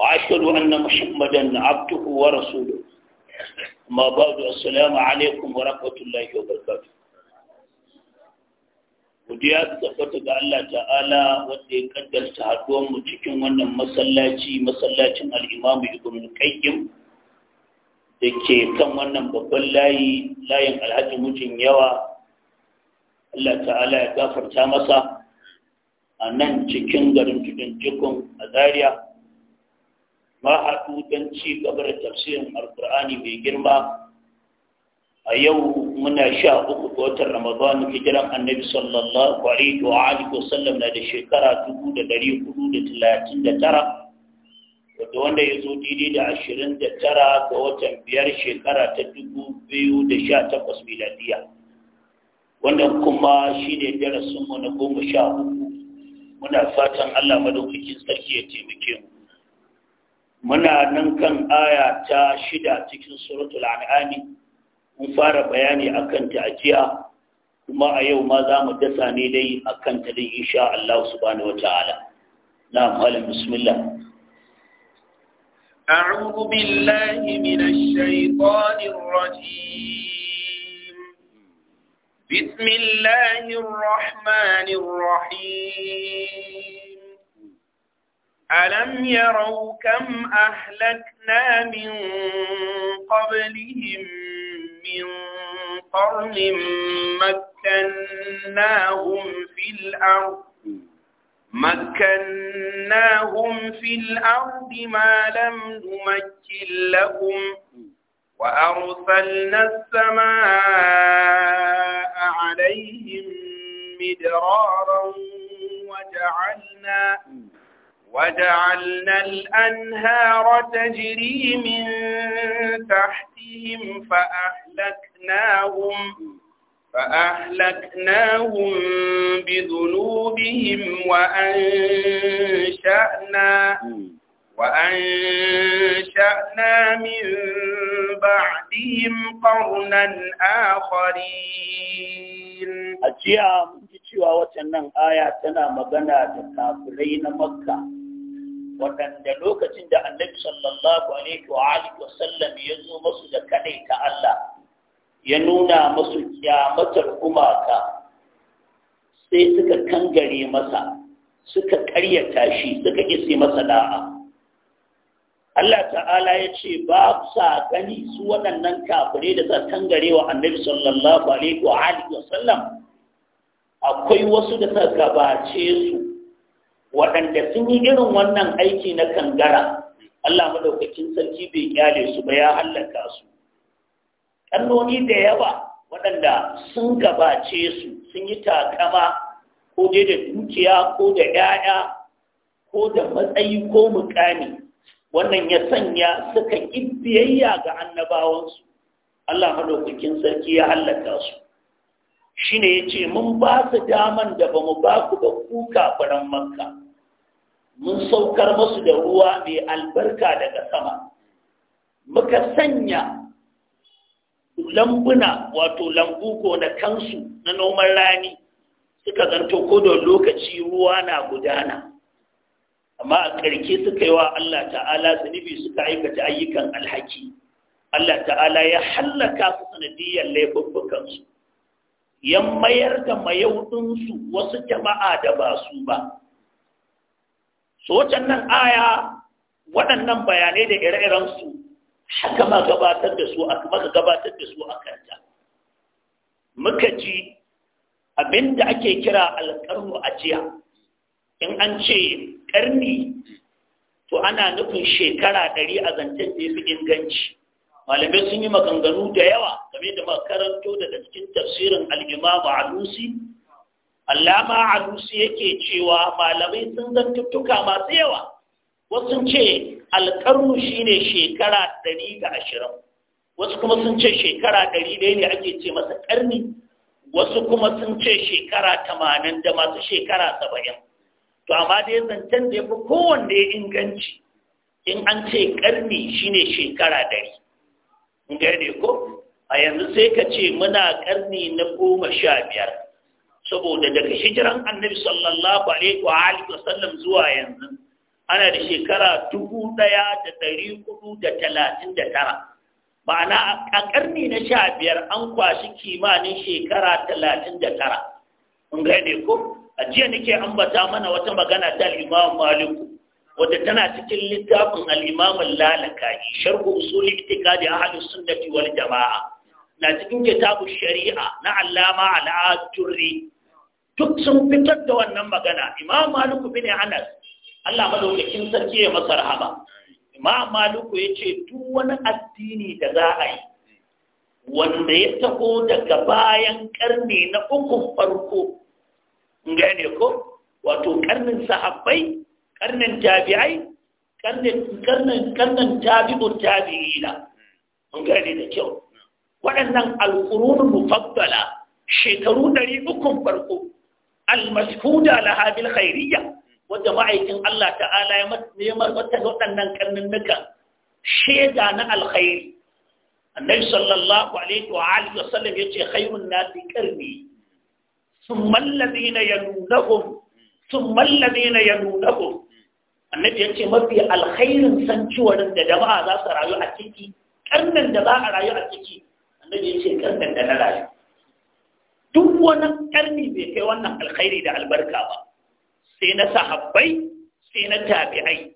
وأشهد أن محمدا عبده ورسوله أما بعد السلام عليكم ورحمة الله وبركاته godiya tabbata ga Allah ta'ala wanda ya kaddarta haduwar mu cikin wannan masallaci masallacin al-Imam Ibn Qayyim da ke kan wannan babban layi layin Alhaji mijin Yawa Allah ta'ala ya gafarta masa a nan cikin garin Tudun Jikun a Zaria haɗu don ci gaba da tafsirin alkur'ani mai girma a yau muna sha uku ga watan ramadan hijiran annabi sallallahu alaihi wa alihi wasallam na da shekara dubu da dari hudu da talatin da tara wadda wanda ya zo daidai da ashirin da tara ga watan biyar shekara ta dubu biyu da sha takwas miladiya wanda kuma shi ne darasinmu na goma sha uku muna fatan allah madaukakin sarki ya taimake mu muna nan kan aya ta shida cikin suratul an'ami mun fara bayani akan ta ajiya kuma a yau ma za mu dasa ne dai akan ta dai insha Allah subhanahu wataala na'am halin bismillah أعوذ بالله من الشيطان الرجيم بسم الله الرحمن الرحيم ألم يروا كم أهلكنا من قبلهم من قرن مكناهم في الأرض مكناهم في الأرض ما لم نمكن لهم وأرسلنا السماء عليهم مدرارا وجعلنا وجعلنا الأنهار تجري من تحتهم فأهلكناهم فأهلكناهم بذنوبهم وأنشأنا وأنشأنا من بعدهم قرنا آخرين أجيام من cewa waccan aya بنات magana مكة. waɗanda lokacin da annabi sallallahu alaihi wa alihi wa sallam ya zo masu da kadai ta Allah ya nuna masu kuma gumaka sai suka kangare masa suka ƙaryata shi suka kisi masa da'a Allah ta'ala ya ce ba sa gani su waɗannan kafirai da za kangare wa annabi sallallahu alaihi wa alihi wa sallam akwai wasu da suka gabace su waɗanda sun yi irin wannan aiki na kangara Allah madaukakin sarki bai kyale su ba ya hallaka su kalloni da yawa waɗanda sun gabace su sun yi takama ko dai da dukiya ko da 'ya'ya ko da matsayi ko mukami wannan ya sanya suka biyayya ga annabawansu Allah madaukakin sarki ya hallaka su shine yace mun ba su daman da bamu ba ku ba kuka faran makka mun saukar masu da ruwa mai albarka daga sama muka sanya lambuna wato lambu ko na kansu na noman rani suka zanto ko da lokaci ruwa na gudana amma a ƙarke suka yi wa Allah ta'ala zunubi suka aikata ayyukan alhaki Allah ta'ala ya hallaka su sanadiyar laifuffukansu ya mayar da mayaudinsu wasu jama'a da ba su ba wacan nan aya waɗannan bayanai da ire-irensu haka ma gabatar da su aka maka gabatar da su a kanta muka ji abinda ake kira alƙarnu a jiya in an ce ƙarni to ana nufin shekara ɗari a zancen da ya inganci malamai sun yi maganganu da yawa game da makaranto daga cikin tafsirin al'imamu alusi allama alusi yake cewa malamai sun zantuttuka masu yawa wasu ce alkarnu shine shekara ɗari da ashirin wasu kuma sun ce shekara ɗari ɗaya ne ake ce masa ƙarni wasu kuma sun ce shekara tamanin da masu shekara saba'in to amma dai zancen da ya fi kowanne ya inganci in an ce ƙarni shine shekara ɗari in ko a yanzu sai ka ce muna ƙarni na goma sha biyar saboda daga hijiran annabi sallallahu alaihi wa alihi wasallam zuwa yanzu ana da shekara dubu ɗaya da ɗari hudu da talatin da tara ma'ana a ƙarni na sha biyar an kwashi kimanin shekara talatin da tara kun gane ko a jiya nake ambata mana wata magana ta al'imam maliku wadda tana cikin littafin al'imamin lalaka sharhu usuli itikadi ahlus sunnati wal jama'a na cikin kitabu shari'a na allama al'ajurri duk sun fitar da wannan magana imam maluku bin anas Allah madaukakin sarki ya masa rahama imam maluku yace duk wani addini da za a yi wanda ya taho daga bayan karni na uku farko ne ko wato karnin sahabbai karnin tabi'ai karnin karnin karnin tabi'u tabi'ina ne da kyau waɗannan alƙurun mufaddala shekaru ɗari ukun farko al-mashhuda laha bil khairiyya wanda ma'aikin Allah ta'ala ya neman waɗannan karnannuka Sheda na alkhairi annabi sallallahu alaihi wa alihi wa sallam yace khairun nasi qarni thumma alladhina yalunhum thumma alladhina yalunhum annabi yace mafi alkhairin sanciwarin da jama'a za su rayu a ciki karnan da za a rayu a ciki annabi yace karnan da na rayu duk wani ƙarni bai kai wannan alkhairi da albarka ba sai na sahabbai sai na tabi'ai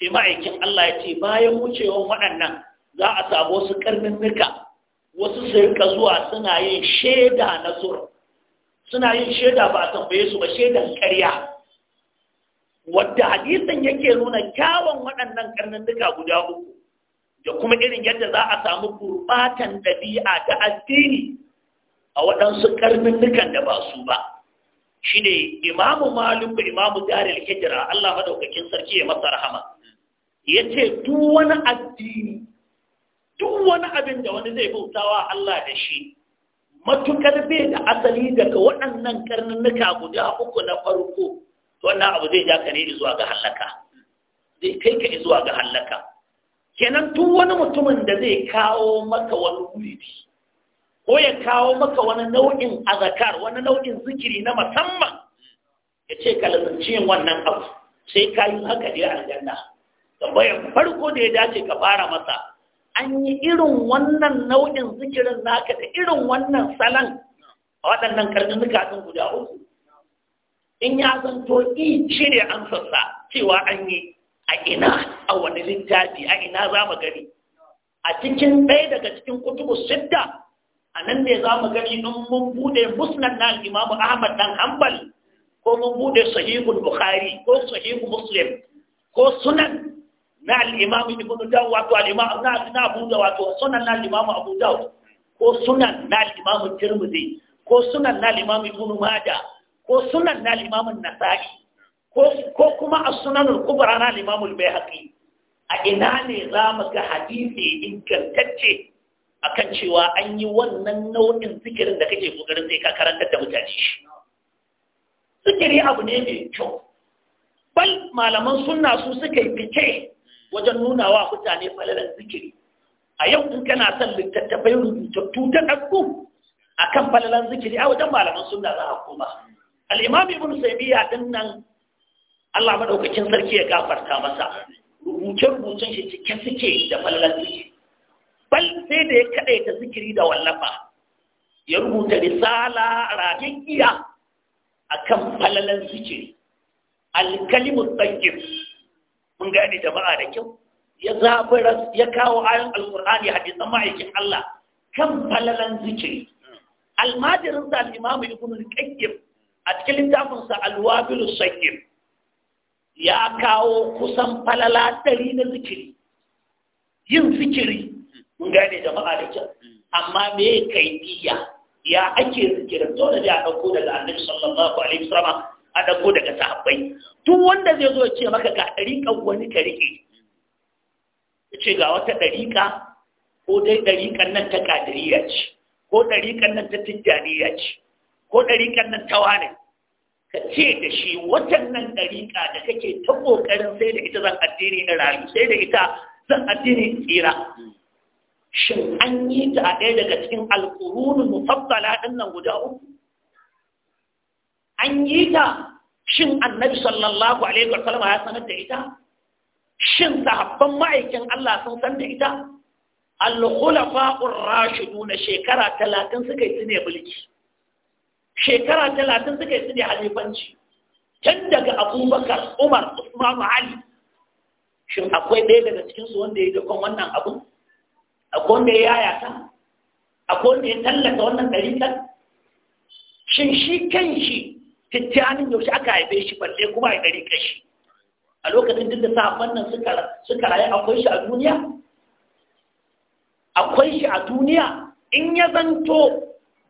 sai ma'aikin Allah ya ce bayan wucewan waɗannan za a samu wasu ƙarnin wasu su rika zuwa suna yin shaida na zur suna yin shaida ba a tambaye su ba shaidan ƙarya wadda hadisin yake nuna kyawun waɗannan ƙarnin guda uku da kuma irin yadda za a samu gurɓatan ɗabi'a ta addini a waɗansu dukan da ba su ba shi ne imamu malum da imamu daril hijira Allah madaukakin sarki ya masa rahama ya ce duk wani addini duk wani abin da wani zai bautawa Allah da shi matukar bai da asali daga waɗannan karnuka guda uku na farko wannan abu zai ja ka ne zuwa ga hallaka zai kai ka zuwa ga hallaka kenan duk wani mutumin da zai kawo maka wani wuri ko ya kawo maka wani nau'in azakar wani nau'in zikiri na musamman ya ce ka lazanci yin wannan abu sai ka yi haka ne a aljanna tambayar farko da ya dace ka fara masa an yi irin wannan nau'in zikirin naka da irin wannan salon a waɗannan karnin zukatun guda uku in ya zanto i cire an sassa cewa an yi a ina a wani littafi a ina za mu gani a cikin ɗaya daga cikin kutubu sidda a nan ne za mu gani in mun bude musnad na al'imamu ahmad dan hanbal ko mun bude sahihul bukhari ko sahihu muslim ko sunan na al-imam ibn dawud wato al-imam na abu dawud wato sunan na al-imam abu dawud ko sunan na al-imam tirmidhi ko sunan na al-imam ibn majah ko sunan na al-imam nasa'i ko kuma a sunanul kubra na al-imam al-bayhaqi a ina ne za mu ga hadisi ingantacce akan cewa an yi wannan nau'in zikirin da kake kokarin sai ka karantar da mutane shi zikiri abu ne mai kyau bal malaman sunna su suka yi fice wajen nuna wa mutane falalan zikiri a yau in kana son littattafai rubutattu ta ɗaɗɗu a kan falalan zikiri a wajen malaman sunna za a koma al'imami ibn sabiya din nan Allah maɗaukakin sarki ya gafarta masa rubuce-rubucen shi cikin da ya ta zikiri da wallafa ya rubuta risala rayayya a kan falalan zikiri Alkalin tsakin mun gani jama'a da kyau ya zaɓi ya kawo ayon alkur'ani hadisan ma'aikin Allah kan falalan zikiri almajirin sa al-imamu ibn qayyim a cikin littafin sa alwabilu wabil ya kawo kusan falala ɗari na zikiri yin zikiri mun gane jama'a da kyau amma me kaifiya ya ake zikira dole da a dauko daga annabi sallallahu alaihi wasallam a dauko daga sahabbai duk wanda zai zo ya ce maka ga dariƙa wani ka rike ya ce ga wata ɗariƙa ko dai ɗariƙan nan ta kadiriya ce ko ɗariƙan nan ta tijjaniya ce ko ɗariƙan nan ta wane ka ce da shi watannan ɗariƙa da kake ta ƙoƙarin sai da ita zan addini na rayu sai da ita zan addini tsira shin an yi ta a ɗaya daga cikin alƙurunin mufassala ɗin nan guda uku an yi ta shin annabi sallallahu alaihi wa sallam ya sanar da ita shin sahabban ma'aikin Allah sun san da ita al-khulafa'ur rashiduna shekara talatin suka yi tsine bulki shekara talatin suka yi tsine halifanci daga Abubakar Umar Usman Ali shin akwai ɗaya daga cikinsu wanda ya dakon wannan abun akwai wanda ya yaya ta akwai wanda ya tallata wannan ɗariƙar shin shi kan shi tattalin yaushe aka haife shi balle kuma ya ɗari shi a lokacin duk da sahabban nan suka rayu akwai shi a duniya akwai shi a duniya in ya zanto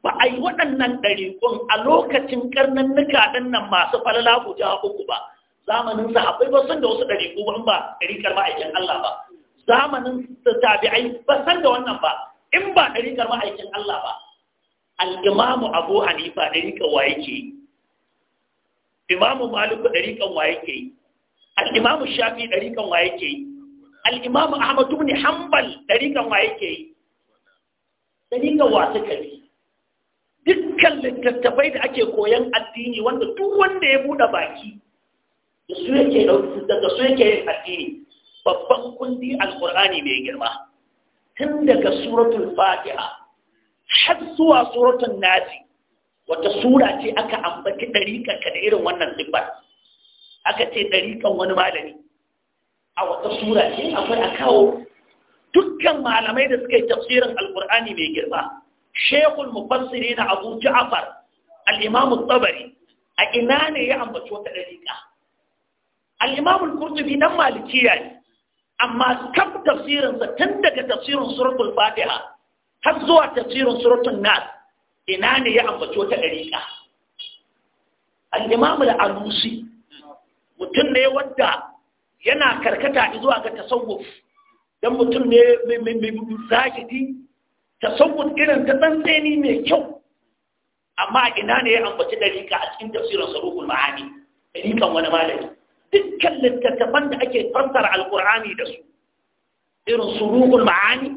ba a yi waɗannan ɗariƙun a lokacin karnannika ɗin nan masu falala guda uku ba zamanin sahabbai ba sun da wasu ɗariƙu ba in ba ɗariƙar ma'aikin Allah ba zamanin tabi'ai ba san da wannan ba in ba ɗarikar ma'aikin Allah ba al-imamu Abu Hanifa ɗariƙar wa yake imamu Maliku ɗariƙar wa yake al-imamu Shafi ɗariƙar wa yake al-imamu ahmadu ibn Hanbal ɗariƙar wa yake yi wa suka bi dukkan littattafai da ake koyan addini wanda duk wanda ya buɗe baki da su yake daga su yake yin addini babban kundi alkur'ani mai girma tun daga suratul fatiha har zuwa suratul nasi wata sura ce aka ambaci ɗariƙar ka da irin wannan sifar aka ce ɗarikan wani malami a wata sura ce akwai a kawo dukkan malamai da suka yi tafsirin alkur'ani mai girma shekul mufassiri na abu ja'far al tsabari a ina ne ya ambaci wata ɗariƙa Alimamu imamu al-kurtubi nan malikiya ne amma kaf tafsirinsa tun daga tafsirin suratul fatiha har zuwa tafsirin suratul nas ina ne ya ambaci ta dariƙa al-imamu al-alusi mutum ne wanda yana karkata zuwa ga tasawuf dan mutum ne mai zahidi tasawuf irin ta tsantseni mai kyau amma ina ne ya ambaci dariƙa a cikin tafsirin suratul ma'ani dariƙan wani malami dukkan littattafan da ake fassara alkur'ani da su irin su ma'ani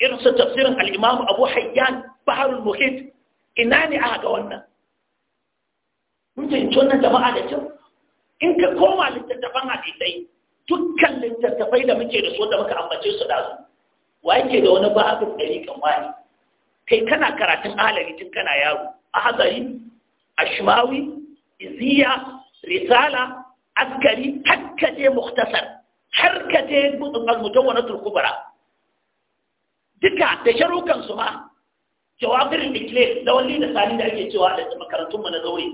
irin su tafsirin al-imam abu hayyan baharul muhit ina ne aka ga wannan mun fahimci wannan jama'a da kyau in ka koma littattafan hadisai dukkan littattafai da muke da su da muka ambace su da su wa yake da wani babin dari kan wani kai kana karatun alari tun kana yaro a hazari ashmawi iziya risala askari har ka je muktasar har ka je al-mutawwanatul kubra duka da sharukan su ma jawabirin ikle da wani da sani da ake cewa da makarantun mu na zaure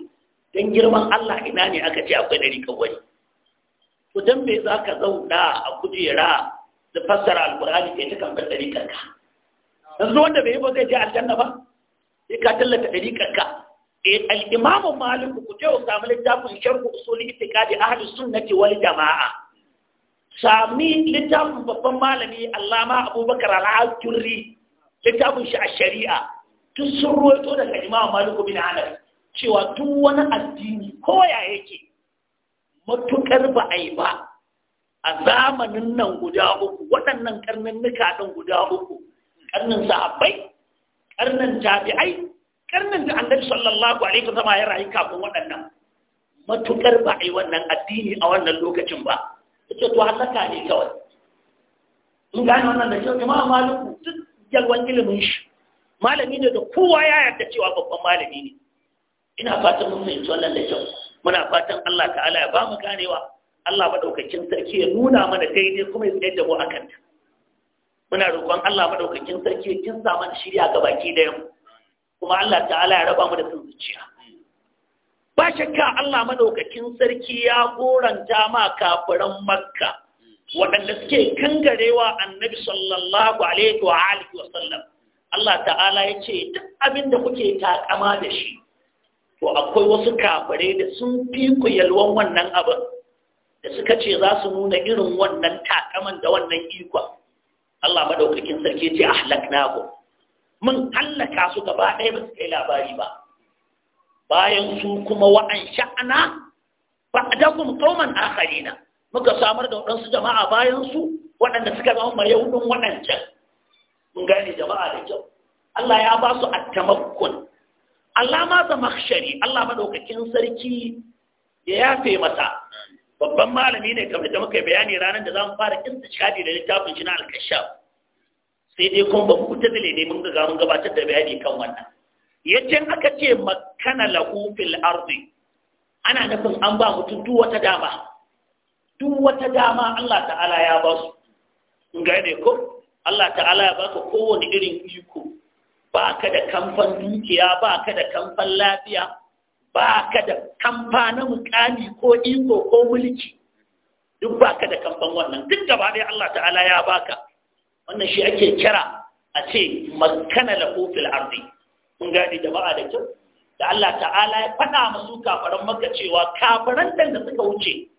dan girman Allah ina ne aka ce akwai dari kawai to dan me zaka zauna a kujera da fassara alqur'ani kai ta kan dari kanka yanzu wanda bai yi ba zai je aljanna ba sai ka tallata dari kanka Eh, al'imamin malik ku je ku samu littafin sharh usul itiqadi ahli sunnati wal jamaa sami littafin babban malami allama abubakar al littafin shi a shari'a tun sun ruwaito daga imam malik bin anas cewa duk wani addini ko ya yake matukar ba a yi ba a zamanin nan guda uku waɗannan karnin nuka ɗin guda uku ƙarnin sahabbai ƙarnin tabi'ai karnin da annabi sallallahu alaihi wasallam ya rayu kafin waɗannan matukar ba a yi wannan addini a wannan lokacin ba yace to halaka ne kawai in gane wannan da kyau jama'a maluku duk yalwan ilimin shi malami ne da kowa ya yarda cewa babban malami ne ina fatan mun fahimci wannan da kyau muna fatan Allah ta'ala ya ba mu ganewa Allah madaukakin sarki ya nuna mana daidai kuma ya tsayar da mu akan ta muna roƙon Allah madaukakin sarki ya kinsa mana shirya ga baki da yamma kuma Allah ta'ala ya raba mu da sun zuciya ba shakka Allah madaukakin sarki ya goranta ma kafiran makka waɗanda suke kangarewa annabi sallallahu alaihi wa alihi wa sallam Allah ta'ala ya ce duk abin da kuke takama da shi to akwai wasu kafare da sun fi ku yalwan wannan abin da suka ce za su nuna irin wannan takaman da wannan ikon Allah madaukakin sarki ce ahlaknakum mun hallaka su gaba ɗaya ba su kai labari ba bayan su kuma wa'an sha'ana ba a dakum kauman na. muka samar da waɗansu jama'a bayan su waɗanda suka zama mai yaudin waɗancan mun gane jama'a da kyau Allah ya ba su attamakkun Allah ma ta makhshari Allah madaukakin sarki ya yafe masa babban malami ne kamar da muka bayani ranar da zamu fara kinsa shadi da littafin shi na al sai dai kuma ba mu tazile ne mun ga mun gabatar da bayani kan wannan yace aka ce makana lahu fil ardi ana nufin an ba mutum duk wata dama duk wata dama Allah ta'ala ya ba su ga ne ko Allah ta'ala ya baka kowane irin iko ba ka da kamfan dukiya ba ka da kamfan lafiya ba ka da kamfa na mukami ko iko ko mulki duk ba ka da kamfan wannan duk gaba ɗaya Allah ta'ala ya baka wannan shi ake kira a ce makana lahu fil ardi kun gane jama'a da kyau da Allah ta'ala ya faɗa musu kafaran maka cewa kafaran da suka wuce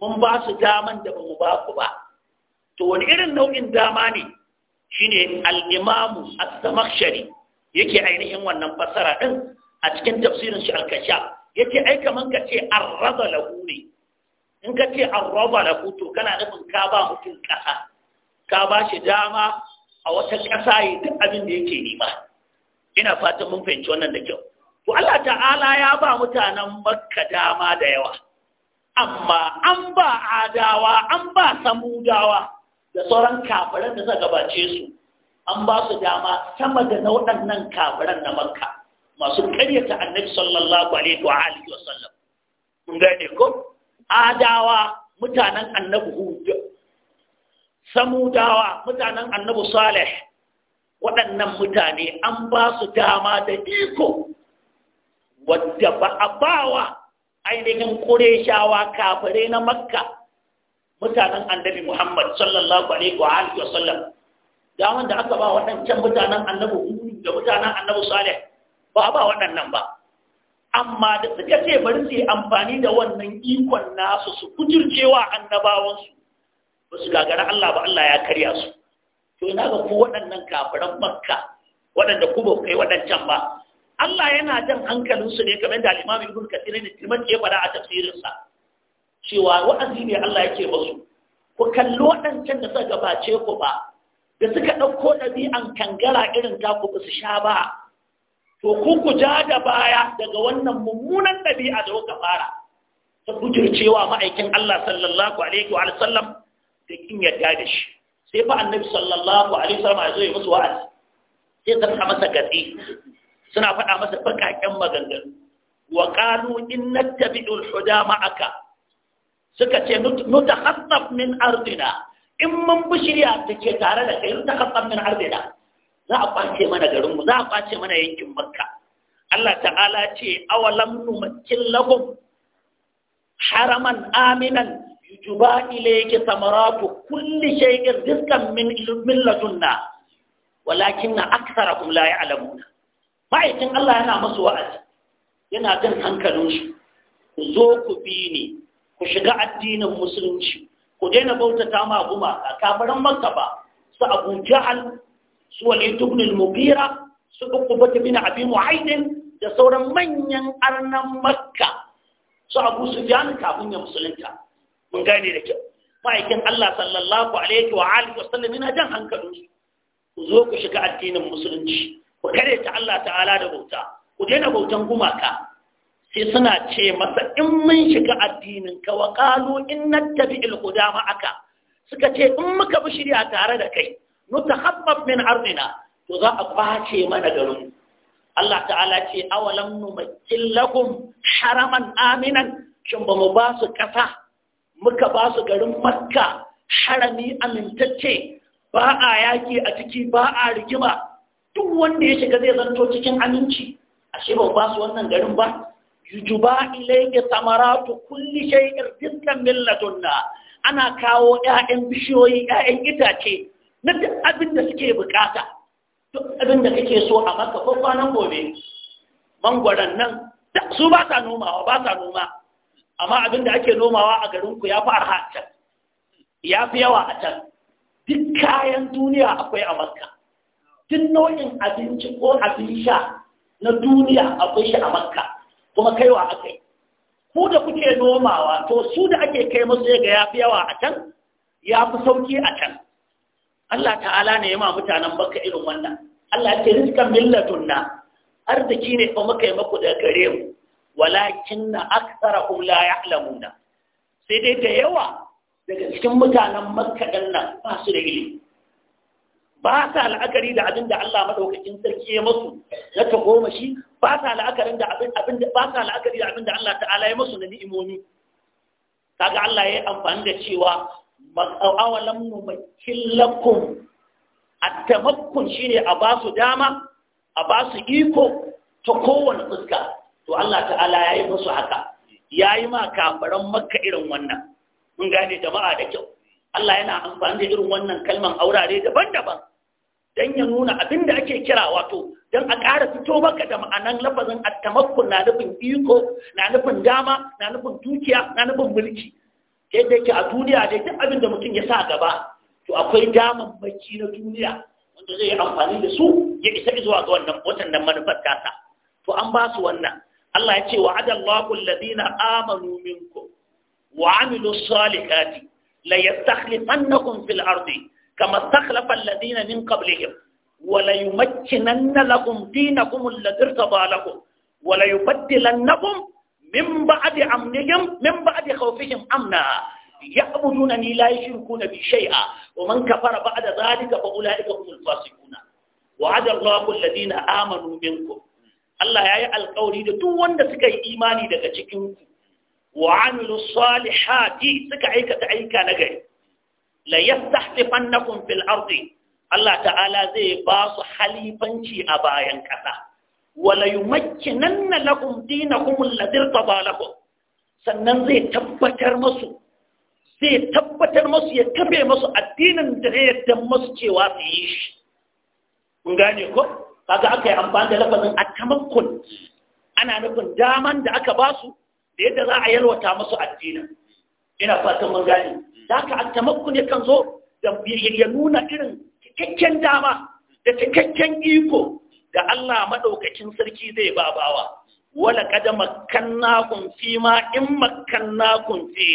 mun ba su daman da ba mu ba ku ba to wani irin nau'in dama ne shine al-imamu as-samakhshari yake ainihin wannan fassara din a cikin tafsirin shi al-kashaf yake ai kaman ka ce arraba lahu ne in ka ce arraba lahu to kana nufin ka ba mutum kasa ka ba shi dama a wata ƙasa yi duk abin da yake nema ina fatan mun fahimci wannan da kyau to Allah ta'ala ya ba mutanen makka dama da yawa amma an ba adawa an ba samudawa da sauran kafiran da suka gabace su an ba su dama sama da na waɗannan kafiran na makka masu karyata annabi sallallahu alaihi wa alihi wa sallam mun gane ko adawa mutanen annabi hud samudawa mutanen annabu salih waɗannan mutane an ba su dama da iko wadda ba a bawa ainihin ƙureshawa kafirai na makka mutanen annabi muhammad sallallahu alaihi wa alihi wa sallam Da wanda aka ba waɗancan mutanen annabi da mutanen annabi salih ba ba waɗannan ba amma da suka ce bari su yi amfani da wannan ikon nasu su kujircewa annabawansu ba su gagara Allah ba Allah ya karya su to ina ga ku waɗannan kafiran makka waɗanda ku ba kai waɗancan ba Allah yana jan hankalinsu ne kamar da al-Imam Ibn Kathir ne timan ya faɗa a tafsirinsa cewa wa'azi ne Allah yake musu ku kalli waɗancan da suka gabace ku ba da suka ɗauko ɗabi'an kangara irin taku ba su sha ba to ku ku ja da baya daga wannan mummunan ɗabi'a da kuka fara ta bujircewa ma'aikin Allah sallallahu alaihi wa sallam sai kin yarda da shi sai fa annabi sallallahu alaihi wasallam ya zo ya musu wa'azi sai ka faɗa masa gatsi suna faɗa masa bakakken maganganu wa qalu inna tabi'ul huda ma'aka suka ce nutakhassaf min ardina in mun bushiriya shirya da tare da kai nutakhassaf min ardina za a kwace mana garin mu za a kwace mana yankin makka Allah ta'ala ce awalam numakkin lahum haraman aminan tuba ilayka samaratu kulli shay'in rizqan min min ladunna walakinna aktharakum la ya'lamuna ma'aikin Allah yana masu wa'azi yana hankalin hankalinsu ku zo ku bi ni ku shiga addinin musulunci ku daina bautata ma gumaka kafaran makka ba su abu ja'al su walid ibn al-mughira su uqbat bin abi mu'ayd da sauran manyan arnan makka su abu sufyan kafin ya musulunta mun gane da kyau ma'aikin Allah sallallahu alaihi wa alihi wa sallam yana jan hankalin ku zo ku shiga addinin musulunci ku kare ta Allah ta'ala da bauta ku daina bautan gumaka sai suna ce masa in mun shiga addinin ka wa qalu inna tabi'il huda ma'aka suka ce in muka bi shirya tare da kai nutakhaffaf min ardina to za a kwace mana garin Allah ta'ala ce awalam numakkil lakum haraman aminan shin ba mu ba su kasa muka ba su garin makka harami amintacce ba a yaƙi a ciki ba a rigima duk wanda ya shiga zai zanto cikin aminci ashe ba ba su wannan garin ba yujuba samara samaratu kulli shay'in rizqan min ana kawo ƴaƴan bishiyoyi ƴaƴan itace na duk abin da suke bukata duk abin da kake so a maka ko gobe mangwaran nan su ba ta nomawa ba sa noma amma abin da ake nomawa a garinku ya fi arha a can ya fi yawa a can duk kayan duniya akwai a makka duk nau'in abinci ko abin sha na duniya akwai shi a makka kuma kaiwa aka yi ku da kuke nomawa to su da ake kai ya ga ya fi yawa a can ya fi sauki a can Allah ta'ala ne ya ma mutanen Makka irin wannan Allah ya ce rizkan millatunna arziki ne kuma muka yi maku daga gare mu Walakin walakinna aktharahum la ya'lamuna sai dai da yawa daga cikin mutanen makka din nan ba su da ilimi ba sa la'akari da abin da Allah madaukakin sarki ya musu na ta goma shi ba sa la'akarin da abin da ba sa la'akari da abin da Allah ta'ala ya musu na ni'imomi kaga Allah ya yi amfani da cewa awalam numakkin lakum at-tamakkun shine a ba su dama a ba su iko ta kowane fuska to Allah ta'ala ya yi musu haka ya yi ma kafaran makka irin wannan mun gane jama'a da kyau Allah yana amfani da irin wannan kalman aurare daban-daban don ya nuna abin da ake kira wato don a ƙara fito maka da ma'anan lafazin attamakku na nufin iko na nufin dama na nufin dukiya na nufin mulki yadda yake a duniya da duk abin da mutum ya sa gaba to akwai damammaki na duniya wanda zai yi amfani da su ya isa zuwa ga wannan watannan manufar tasa to an ba su wannan Allah ya ce wa adallahu alladhina amanu minkum wa amilu salihati la yastakhlifannakum fil ardi kama stakhlafa alladhina min qablihim wa la yumakkinanna lakum dinakum alladhi irtada lakum wa la yubaddilannahum min ba'di amnihim min ba'di khawfihim amna يعبدونني لا يشركون بي شيئا ومن كفر بعد ذلك فأولئك هم الفاسقون وعد الله الذين آمنوا منكم Allah ya yi alkawari da duk wanda suka yi imani daga cikin wa amilu salihati suka aikata aika na gari la yastahlifannakum fil ardi Allah ta'ala zai ba su halifanci a bayan kasa wala yumakkinanna lakum dinakum alladhi irtada sannan zai tabbatar musu zai tabbatar musu ya kabe musu addinin da zai yadda musu cewa su yi shi kun gane ko kaga aka yi amfani da lafazin atamakkun ana nufin daman da aka ba su da yadda za a yalwata musu addinin ina fatan mun gane da aka ya yakan zo da ya nuna irin cikakken dama da cikakken iko da Allah madaukakin sarki zai ba bawa wala kada kun fi ma in kun fi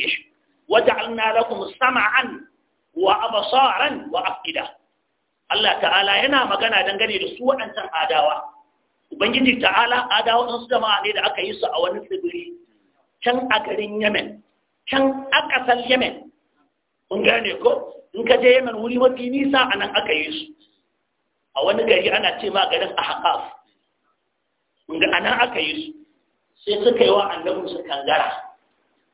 waja'alna lakum sam'an wa absaran wa afida Allah ta'ala yana magana dangane da su waɗancan adawa ubangiji ta'ala adawa ɗan su jama'a ne da aka yi su a wani tsibiri can a garin yemen can a ƙasar yemen kun gane ko in ka je yemen wuri mafi nisa a nan aka yi su a wani gari ana ce ma garin a haƙaf inda a nan aka yi su sai suka yi wa su kangara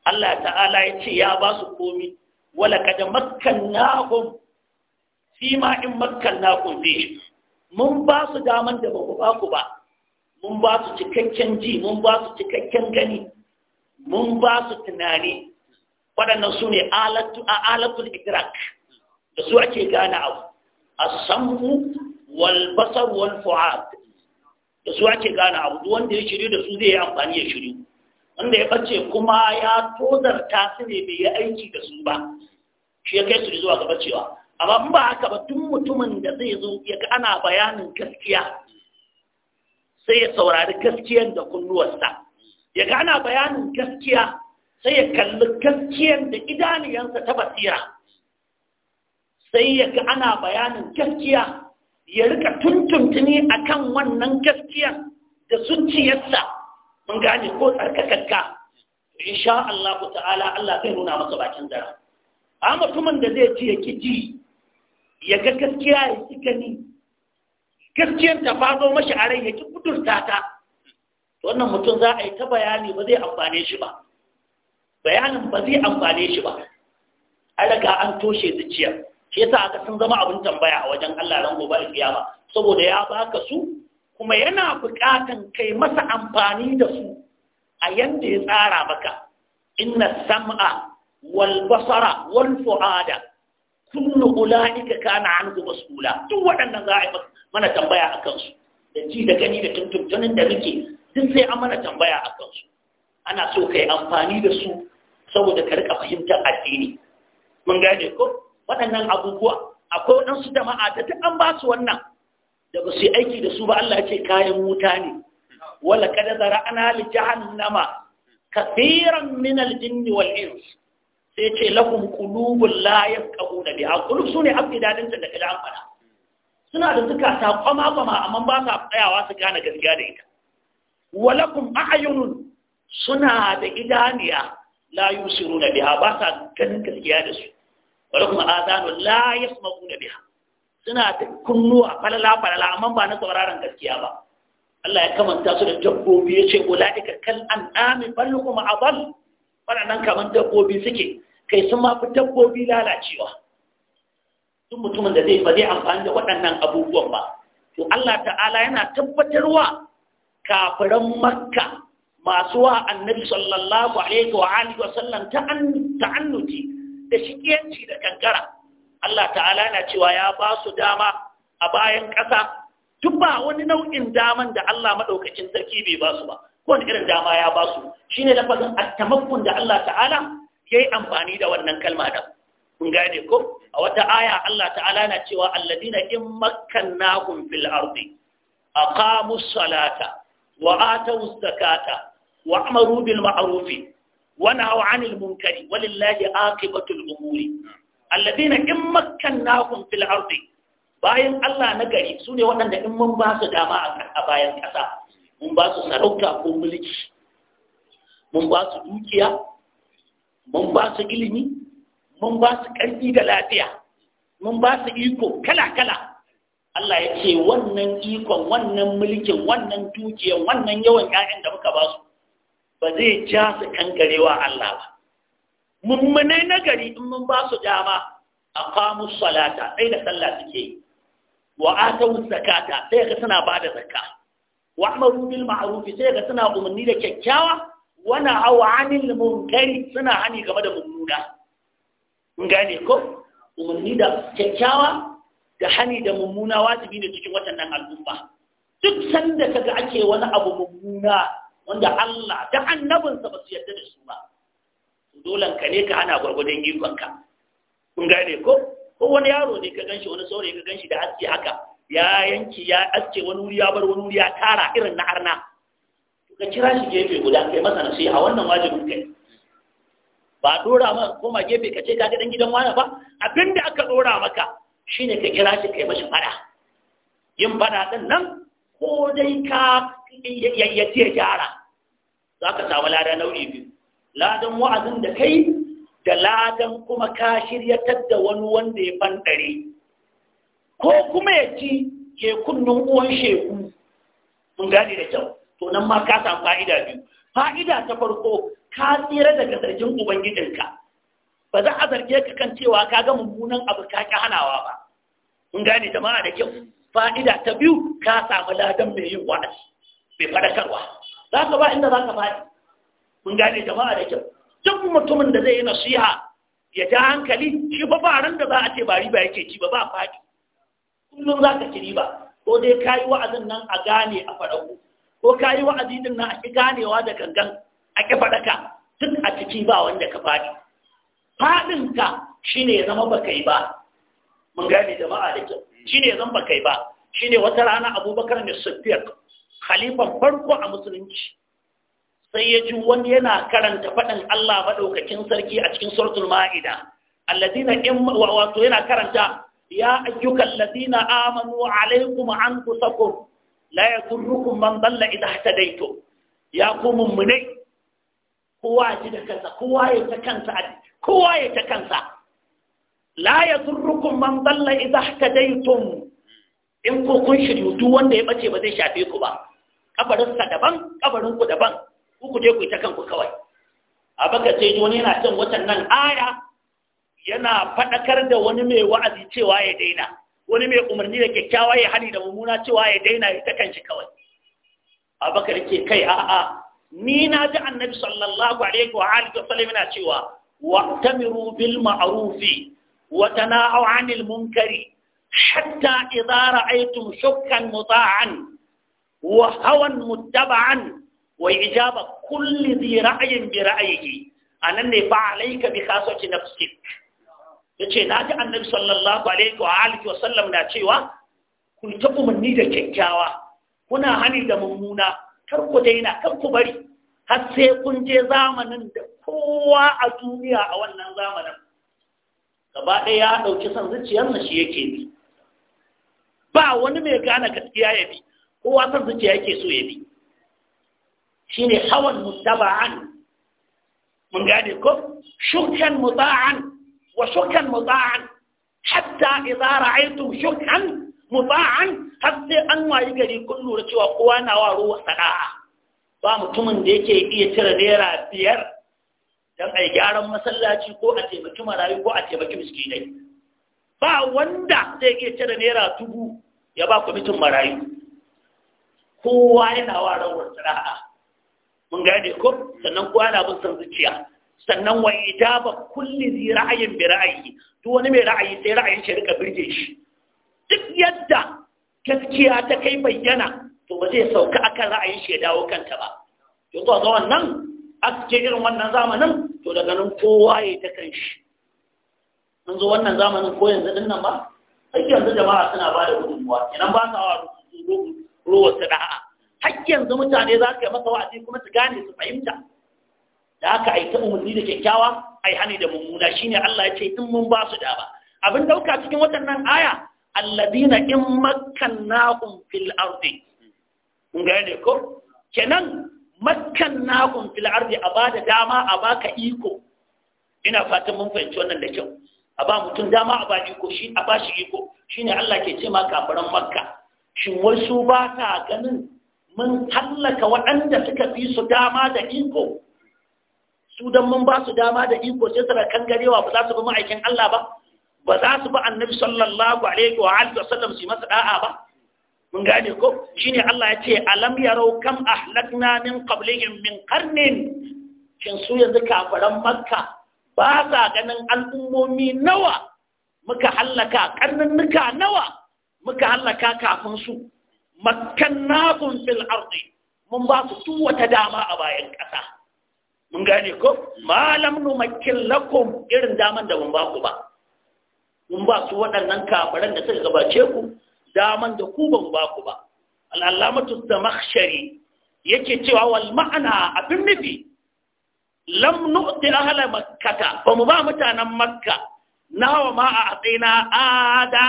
Allah ta'ala ya ce ya ba su komi wala kada makkan nahum fi ma in makar makkannakum fihi mun ba su daman da baku ku ba ku ba mun ba su cikakken ji mun ba su cikakken gani mun ba su tunani waɗannan su ne alatul idrak da su ake gane abu asammu wal basar wal fu'ad da su ake gane abu wanda ya shiryu da su zai yi amfani ya shiryu wanda ya bace kuma ya tozarta su ne bai yi aiki da su ba shi ya kai su zuwa gaba cewa. amma in ba haka ba tun mutumin da zai zo ya ga ana bayanin gaskiya sai ya saurari gaskiyar da kunnuwarsa ya ga ana bayanin gaskiya sai ya kalli gaskiyar da idaniyansa ta basira sai ya ga ana bayanin gaskiya ya rika tuntuntuni a kan wannan gaskiyar da zuciyarsa mun gane ko tsarkakakka insha Allah ta'ala Allah zai nuna masa bakin zara amma mutumin da zai ci ya ki ji ya ga gaskiya ya ci gani gaskiyar ta zo mashi a rai ya ki kudurta ta wannan mutum za a yi ta bayani ba zai amfane shi ba bayanin ba zai amfane shi ba an daga an toshe zuciya shi yasa aka sun zama abin tambaya a wajen Allah ran gobe kiyama saboda ya baka su kuma yana buƙatan kai masa amfani da su a yanda ya tsara maka inna sam'a wal basara wal fu'ada kullu ulaika kana anhu mas'ula duk waɗannan za a yi mana tambaya a kansu da ji da gani da tuntuntunin da muke duk sai an mana tambaya a kansu ana so ka yi amfani da su saboda ka rika fahimtar addini mun gane ko waɗannan abubuwa akwai waɗansu jama'a da duk an ba su wannan da ba su yi aiki da su ba Allah ya ce kayan wuta ne wala kada zara ana li jahannama kafiran min al-jinni wal ins sai ce lahum qulubun la yafqahuna biha Kulub sune abdidadin da kada an fara suna da ta kwama kwama amma ba sa tsayawa su gane gaskiya da ita walakum a'yunun suna da idaniya la yusiruna biha ba sa ganin gaskiya da su walakum azanu la yasma'una biha suna da kunnuwa falala falala amma ba na sauraron gaskiya ba Allah ya kamanta su da dabbobi ya ce ula'ika kal an'ami bal adall waɗannan kamar dabbobi suke kai sun ma dabbobi lalacewa duk mutumin da zai ba zai amfani da waɗannan abubuwan ba to Allah ta'ala yana tabbatarwa kafiran makka masu wa annabi sallallahu alaihi wa alihi wa sallam ta'annuti da shikiyanci da kankara Allah ta'ala yana cewa ya ba su dama a bayan ƙasa duk ba wani nau'in daman da Allah madaukakin sarki bai ba su ba kowane irin dama ya ba su shi ne lafazin attamakkun da Allah ta'ala ya yi amfani da wannan kalma da kun gane ko a wata aya Allah ta'ala na cewa alladina in makkannahum fil ardi aqamu salata wa atu zakata wa amaru bil ma'ruf wa nahaw 'anil munkari walillahi aqibatul umuri alladina in makkannahum fil ardi bayan Allah na gari sune waɗanda in mun ba su dama a bayan ƙasa mun ba su sarauta ko mulki mun ba su dukiya mun ba su ilimi mun ba su ƙarfi da lafiya mun ba su iko kala-kala Allah ya ce wannan ikon wannan mulkin wannan dukiyar, wannan yawan 'ya'yan da muka ba su ba zai ja su kankarewa Allah ba mummunai nagari in mun ba su dama a kamun salata sai da sallah suke yi wa atawun zakata sai ka suna ba da zakka wa amaru bil ma'ruf sai ga suna umarni da kyakkyawa wana aw 'anil munkari suna hani game da mummuna in gane ko umarni da kyakkyawa da hani da mummuna wajibi ne cikin watannan al'umma duk sanda kaga ake wani abu mummuna wanda Allah da annabinsa ba su yarda da su ba Dole ka ne ka ana gwargwadon ikonka kun gane ko ko wani yaro ne ka ganshi wani saurayi ka ganshi da haske haka ya yanki ya aske wani wuri ya bar wani wuri ya tara irin na arna ka kira shi gefe guda kai masa A wannan wajibin kai ba dora ma koma gefe ka ce ka ga dan gidan wani ba abinda aka dora maka shine ka kira shi kai mashi fada yin fada din nan ko dai ka yayyace gyara za ka samu lada nau'i biyu ladan wa'azin da kai da ladan kuma ka shiryatar da wani wanda ya fandare ko kuma ya ci ke shekunnun uwan sheku mun gane da kyau to nan ma ka samu fa'ida biyu fa'ida ta farko ka tsira daga zargin ubangijinka ba za a zarge ka kan cewa ka ga mummunan abu ka ki hanawa ba mun gane jama'a da kyau fa'ida ta biyu ka samu ladan mai yin wa'azi mai fadakarwa za ka ba inda za ka faɗi mun gane jama'a da kyau duk mutumin da zai yi nasiha ya ja hankali shi ba ba ran da za a ce ba riba yake ci ba ba faɗi kullum za ka ci riba ko dai ka yi wa'azin nan a gane a faɗaku ko ka yi wa'azi din nan a ƙi ganewa da gangan a ƙi faɗaka duk a ciki ba wanda ka faɗi faɗinka shine ne zama ba yi ba mun gane jama'a da kyau shine ne zama ba yi ba Shi ne wata rana abubakar ne sufiyar khalifan farko a musulunci sai ya ji wani yana karanta faɗin Allah maɗaukakin sarki a cikin suratul ma'ida alladina in wato yana karanta Ya يا أيها الذين آمنوا عليكم أنفسكم لا يضركم من ضل إذا اهتديتم Ya قوم مني kowa ya ji da kansa kowa ya ta kansa kowa ya ta kansa la yadurrukum man dalla idza ihtadaytum in ko kun shiryu duk wanda ya bace ba zai shafe ku ba kabarin sa daban kabarin ku daban ku ku je ku ta kanku kawai abaka sai wani yana cin watan nan aya yana faɗakar da wani mai wa'azi cewa ya daina wani mai umarni da kyakkyawa ya hani da mummuna cewa ya daina ya takan shi kawai abakar ke kai a'a ni na ji annabi sallallahu alaihi wa alihi wasallam yana cewa wa tamiru bil ma'rufi wa tana'u 'anil munkari hatta idza ra'aytum shukkan muta'an wa hawan muttaba'an wa ijaba kulli dhi ra'yin bi ra'yihi anan ne fa alayka bi khasati nafsik ya ce na ji annabi sallallahu alaihi wa alihi wa sallam na cewa kun tabu umarni da kyakkyawa kuna hani da mummuna kar ku daina kar ku bari har sai kun je zamanin da kowa a duniya a wannan zamanin gaba ɗaya ya ɗauki son zuciyar na shi yake bi ba wani mai gane gaskiya ya bi kowa son zuciya yake so ya bi shine hawan mutaba'an mun gane ko shukan mutaba'an وشكا مطاعا حتى إذا رأيتم شكا مطاعا حتى أن ما يجري كل رجوع قوانا وروح صناعة فمتمن ديكي إيتر نيرا بير don a yi gyaran masallaci ko a taimaki marayu ko a taimaki miskinai ba wanda zai iya cire naira dubu ya ba kwamitin marayu kowa yana wa rawar sana'a mun gane ko sannan kowa na bin san zuciya sannan wa ijaba kulli zi ra'ayin bi ra'ayi duk wani mai ra'ayi sai ra'ayin shi rika birge shi duk yadda gaskiya ta kai bayyana to ba zai sauka akan ra'ayin shi ya dawo kanta ba yanzu a ga nan a cikin irin wannan zamanin to daga nan kowa ya ta kan shi an zo wannan zamanin ko yanzu din nan ba har yanzu jama'a suna ba da gudunmuwa idan ba sa wa ruwa su da'a har yanzu mutane za su yi masa wa'azi kuma su gane su fahimta da haka aika umarni da kyakkyawa ai hani da mummuna shine Allah ya ce in mun ba su daba abin dauka cikin waɗannan aya alladina in makkannahum fil ardi In ga ne ko kenan makkannahum fil ardi a bada dama a baka iko ina fatan mun fahimci wannan da kyau a ba mutum dama a ba iko shi a ba shi iko shine Allah ke ce ma kafiran makka shin wasu ba ta ganin mun hallaka waɗanda suka fi su dama da iko su don mun ba su dama da iko sai su kangarewa ba za su bi ma'aikin Allah ba ba za su bi annabi sallallahu alaihi wa alihi wasallam su masa da'a ba mun gane ko shine Allah ya ce alam yarau kam ahlakna min qablihim min qarnin shin su yanzu kafaran makka ba sa ganin al'ummomi nawa muka hallaka karnannuka nawa muka hallaka kafin su makkannahum fil ardi mun ba su wata dama a bayan ƙasa mun gane ko malam numakin lakum irin daman da mun ba ku ba mun ba su waɗannan kafaran da suka gabace ku daman da ku ban ba ku ba al'alamatu zamakhshari yake cewa wal ma'ana abin nufi lam nu'ti ahla makkata ba mu ba mutanen makka nawa ma a atsina ada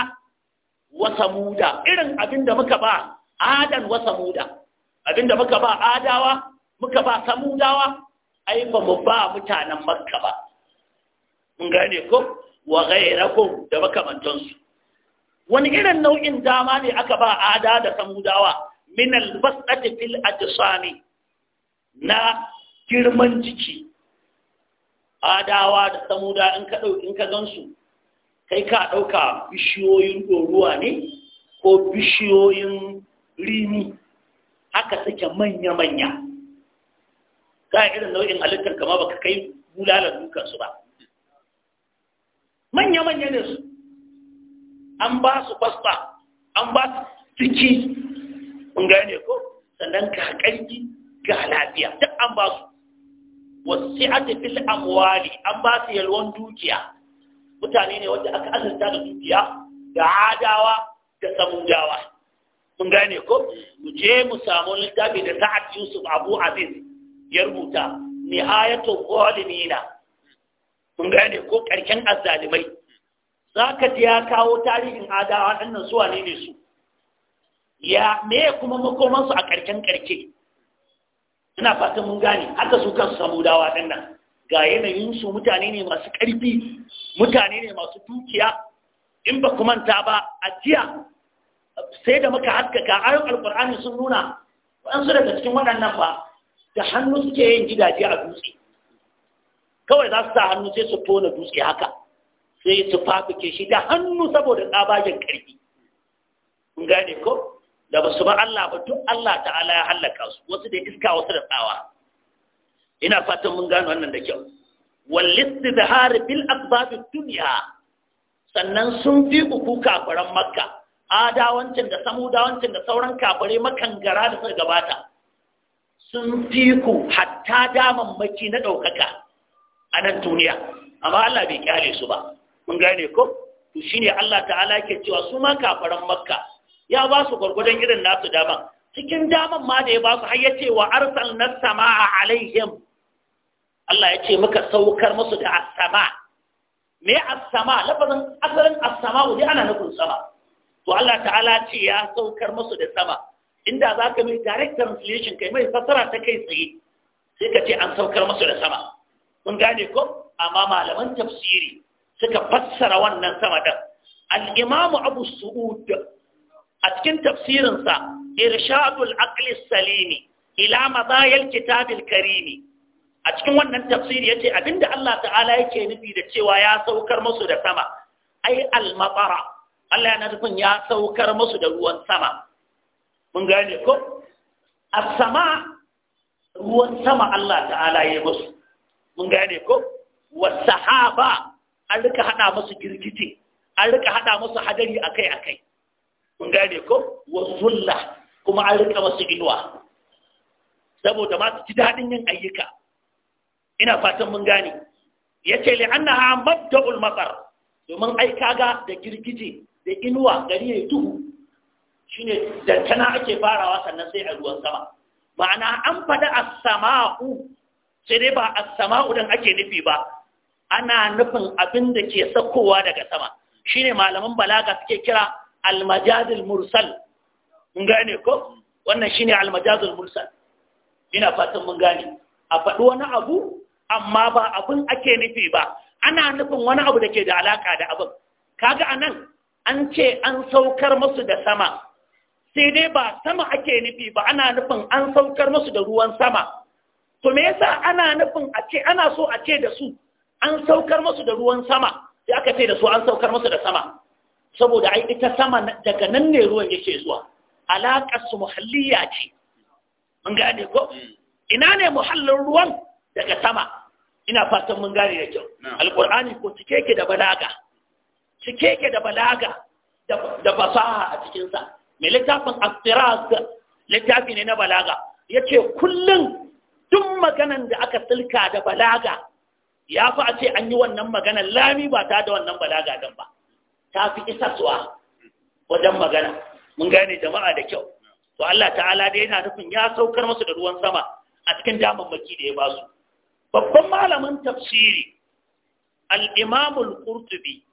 wa samuda irin abin da muka ba adan wa samuda abin da muka ba adawa muka ba samudawa ai ba mu ba mutanen makka ba mun gane ko wa ghairakum da makamantansu wani irin nau'in dama ne aka ba ada da samudawa min albasati fil ajsami na girman jiki adawa da samuda in ka in ka gansu kai ka dauka bishiyoyin doruwa ne ko bishiyoyin rini haka suke manya-manya ga irin nau'in halittar kama baka kai bulalar dukansu ba manya-manya ne su an ba su fasta an ba su ciki in gane ko sannan ka kanki ga lafiya duk an ba su wasu fil amwali an ba su yalwan dukiya mutane ne wanda aka azurta da dukiya da adawa da samudawa mun gane ko mu je mu samu littafi da sa'ad yusuf abu aziz ya rubuta nihayatul zalimina mun gane ko karken azzalimai zaka ji ya kawo tarihin adawa waɗannan su wane ne su ya me kuma makoman su a karken karke ina fatan mun gane haka su kansu samudawa waɗannan ga yanayin su mutane ne masu ƙarfi mutane ne masu dukiya in ba kuma ta ba a jiya sai da muka haskaka ayon alkur'ani sun nuna waɗansu daga cikin waɗannan ba da hannu suke yin gidaje a dutse kawai za su sa hannu sai su tona dutse haka sai su fafike shi da hannu saboda tsabagen ƙarfi in gane ko da ba su ba Allah ba duk Allah ta'ala ya halaka su wasu da iska wasu da tsawa ina fatan mun gano wannan da kyau Wallisti da hari bil asbab duniya. sannan sun fi uku kafaran makka adawancin da samudawancin da sauran kafare makangara da suka gabata sun fi ku hatta damammaki na ɗaukaka a nan duniya amma Allah bai kyale su ba mun gane ko to ne Allah ta'ala ke cewa su ma kafaran makka ya ba su gwargwadon irin nasu dama cikin daman ma da ya ba su har ya ce wa sama a alaihim Allah ya ce muka saukar musu da asama. me asama, lafazin asalin asama sama ana nufin sama to Allah ta'ala ce ya saukar musu da sama inda za ka mai direct translation kai mai fassara ta kai tsaye sai ka ce an saukar masu da sama kun gane ko amma malaman tafsiri suka fassara wannan sama din al-imam abu su'ud a cikin tafsirinsa irshadul aqli salimi ila madayil kitabil karimi a cikin wannan tafsiri yace abinda Allah ta'ala yake nufi da cewa ya saukar musu da sama ai al-matara Allah ya nufin ya saukar musu da ruwan sama mun gane ko a sama ruwan sama Allah ta'ala ya musu mun gane ko wa sahaba an rika hada musu girgije an rika hada musu hadari akai akai mun gane ko wa zulla kuma an rika musu inuwa saboda ma su yin ayyuka ina fatan mun gane yace li annaha mabda'ul matar domin aika ga da girgije da inuwa gari ya tuhu. shi da tana ake farawa sannan sai a ruwan sama ma'ana an faɗi a samau sai dai ba a samau don ake nufi ba ana nufin abin da ke saukowa daga sama Shi ne malaman balaga suke kira al mursal mun gane ko wannan shi ne majazil mursal ina fatan mun gane a faɗi wani abu amma ba abin ake nufi ba ana nufin wani abu da ke da alaƙa da abin kaga anan an ce an saukar musu da sama sai dai ba sama ake nufi ba ana nufin an saukar musu da ruwan sama to me yasa ana nufin a ce ana so a ce da su an saukar musu da ruwan sama sai aka ce da su an saukar musu da sama saboda ai ita sama daga nan ne ruwan yake zuwa alaƙar su muhalliya ce mun gane ko hmm. ina ne muhallin ruwan daga sama ina fatan mun gane da kyau alƙur'ani ko cike ke da balaga cike ke da balaga da fasaha a cikinsa mai littafin asirat littafi ne na balaga ya ce kullum duk maganan da aka silka da balaga ya fi a ce an yi wannan maganar. lami ba ta da wannan balaga don ba ta fi isaswa wajen magana mun gane jama'a da kyau to Allah ta'ala dai yana nufin ya saukar masu da ruwan sama a cikin damammaki da ya ba su babban malamin tafsiri al-imamul qurtubi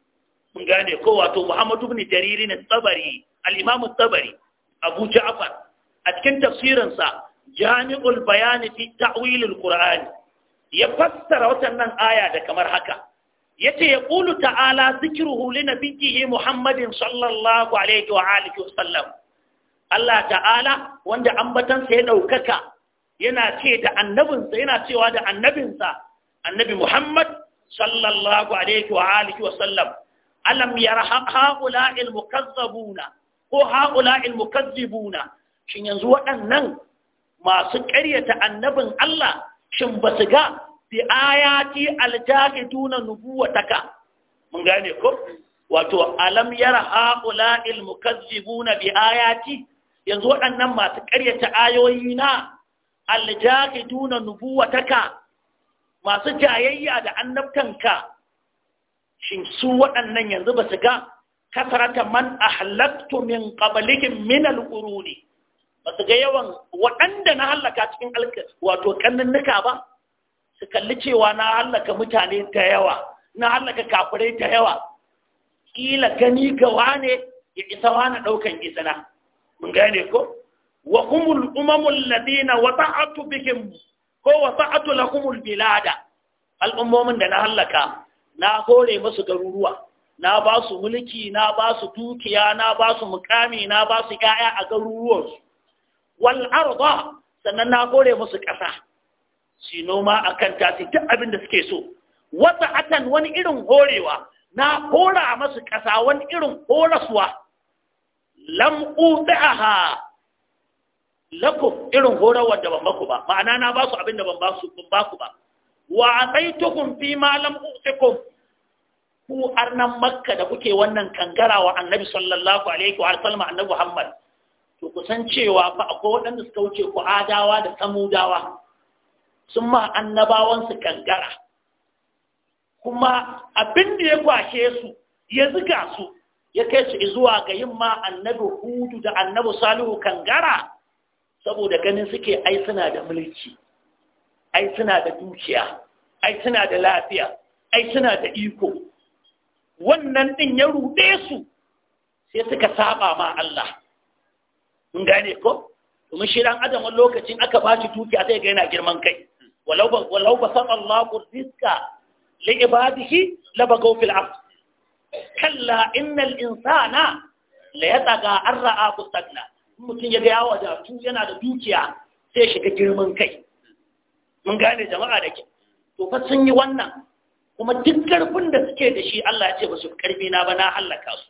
mun gane ko wato Muhammad ibn Jarir ne Tabari al imamu Tabari Abu Ja'far a cikin tafsirinsa sa Jami'ul Bayan fi Ta'wil quran ya fassara wannan aya da kamar haka yace ya qulu ta'ala zikruhu li nabiyhi Muhammadin sallallahu alaihi wa alihi wa sallam Allah ta'ala wanda ambatan sa ya daukaka yana ce da annabinsa yana cewa da annabinsa annabi Muhammad sallallahu alaihi wa alihi wa sallam alam yarha haula al mukazzabuna ko haula al mukazzibuna shin yanzu waɗannan masu ƙaryata annabin Allah shin ba su ga bi ayati aljahiduna nubuwataka mun gane ko wato alam yara haula al mukazzibuna bi ayati yanzu waɗannan masu ƙaryata ayoyi na aljahiduna nubuwataka masu jayayya da annabtanka shin su waɗannan yanzu ba su ga kasarata man ahlaktu min qablikum min al ba su ga yawan waɗanda na hallaka cikin wato kanninnika ba su kalli cewa na hallaka mutane ta yawa na hallaka kafirai ta yawa Ƙila gani gawa ne ya isa wani ɗaukan isana mun gane ko wa humul umamul ladina wata'atu bihim ko wata'atu lahumul bilada al'ummomin da na hallaka na hore masu garuruwa na ba su mulki na ba su dukiya na ba su mukami na ba su ƴaƴa a garuruwarsu. wal arda sannan na hore musu ƙasa shi noma akan tasi duk abin da suke so wata atan wani irin horewa na hora masu ƙasa wani irin horaswa lam udaha lakum irin horawar da ban baku ba ma'ana na ba su abin da ban ba su ban ba ku ba wa ataitukum fi ma lam u'tikum ku arnan makka da kuke wannan kankara wa annabi sallallahu alaihi wa sallam annabi muhammad to ku san cewa fa akwai waɗanda suka wuce ku adawa da samudawa sun ma annabawan su kankara kuma abin da ya kwashe su ya zuga su ya kai su zuwa ga yin ma annabi hudu da annabi salihu kankara saboda ganin suke ai suna da mulki ai suna da dukiya ai suna da lafiya ai suna da iko wannan din ya rude su sai suka saba ma Allah mun gane ko Kuma shi dan adam lokacin aka ba shi dukiya sai ga yana girman kai walau ba walau ba san Allah rizqa li ibadihi la ba gofil af kalla innal insana la yataqa arra'a mustaqna mutum ya ga yawa da yana da dukiya sai shiga girman kai mun gane jama'a da ke to fa sun yi wannan kuma duk karfin da suke da shi Allah ya ce ba su karfi na ba na halaka su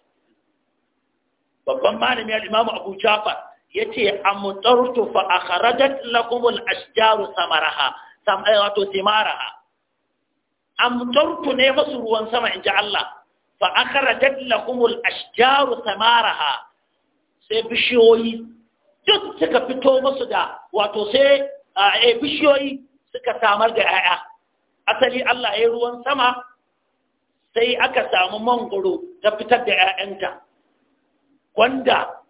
babban malami ya imamu Abu Jafar yace amtartu fa akhrajat lakum al-ashjaru samaraha Sam'ai eh, wato simaraha amtartu ne masu ruwan sama inji Allah fa akhrajat lakum al-ashjaru samaraha sai bishiyoyi duk suka fito masu da wato sai a eh, eh, bishiyoyi suka samar da 'ya'ya asali Allah ya yi ruwan sama sai aka samu mangoro ta fitar da 'ya'yanta gwanda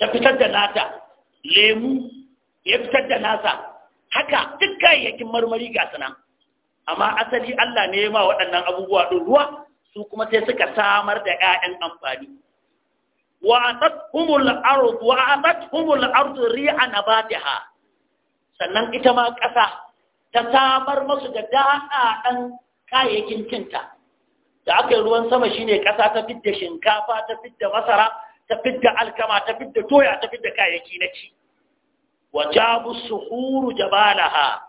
ta fitar da nata lemu ya fitar da nasa haka duk kayayyakin marmari ga suna amma asali Allah ne ya ma waɗannan abubuwa ɗin ruwa su kuma sai suka samar da 'ya'yan amfani wa atathumul ardu wa na ba ri'a ha. sannan ita ma ƙasa ta samar masu da ɗan kayayyakin cinta da aka yi ruwan sama shine ƙasa ta fidda shinkafa ta fidda masara ta fidda alkama ta fidda toya ta fidda kayayyaki na ci wa jabu suhuru jabalaha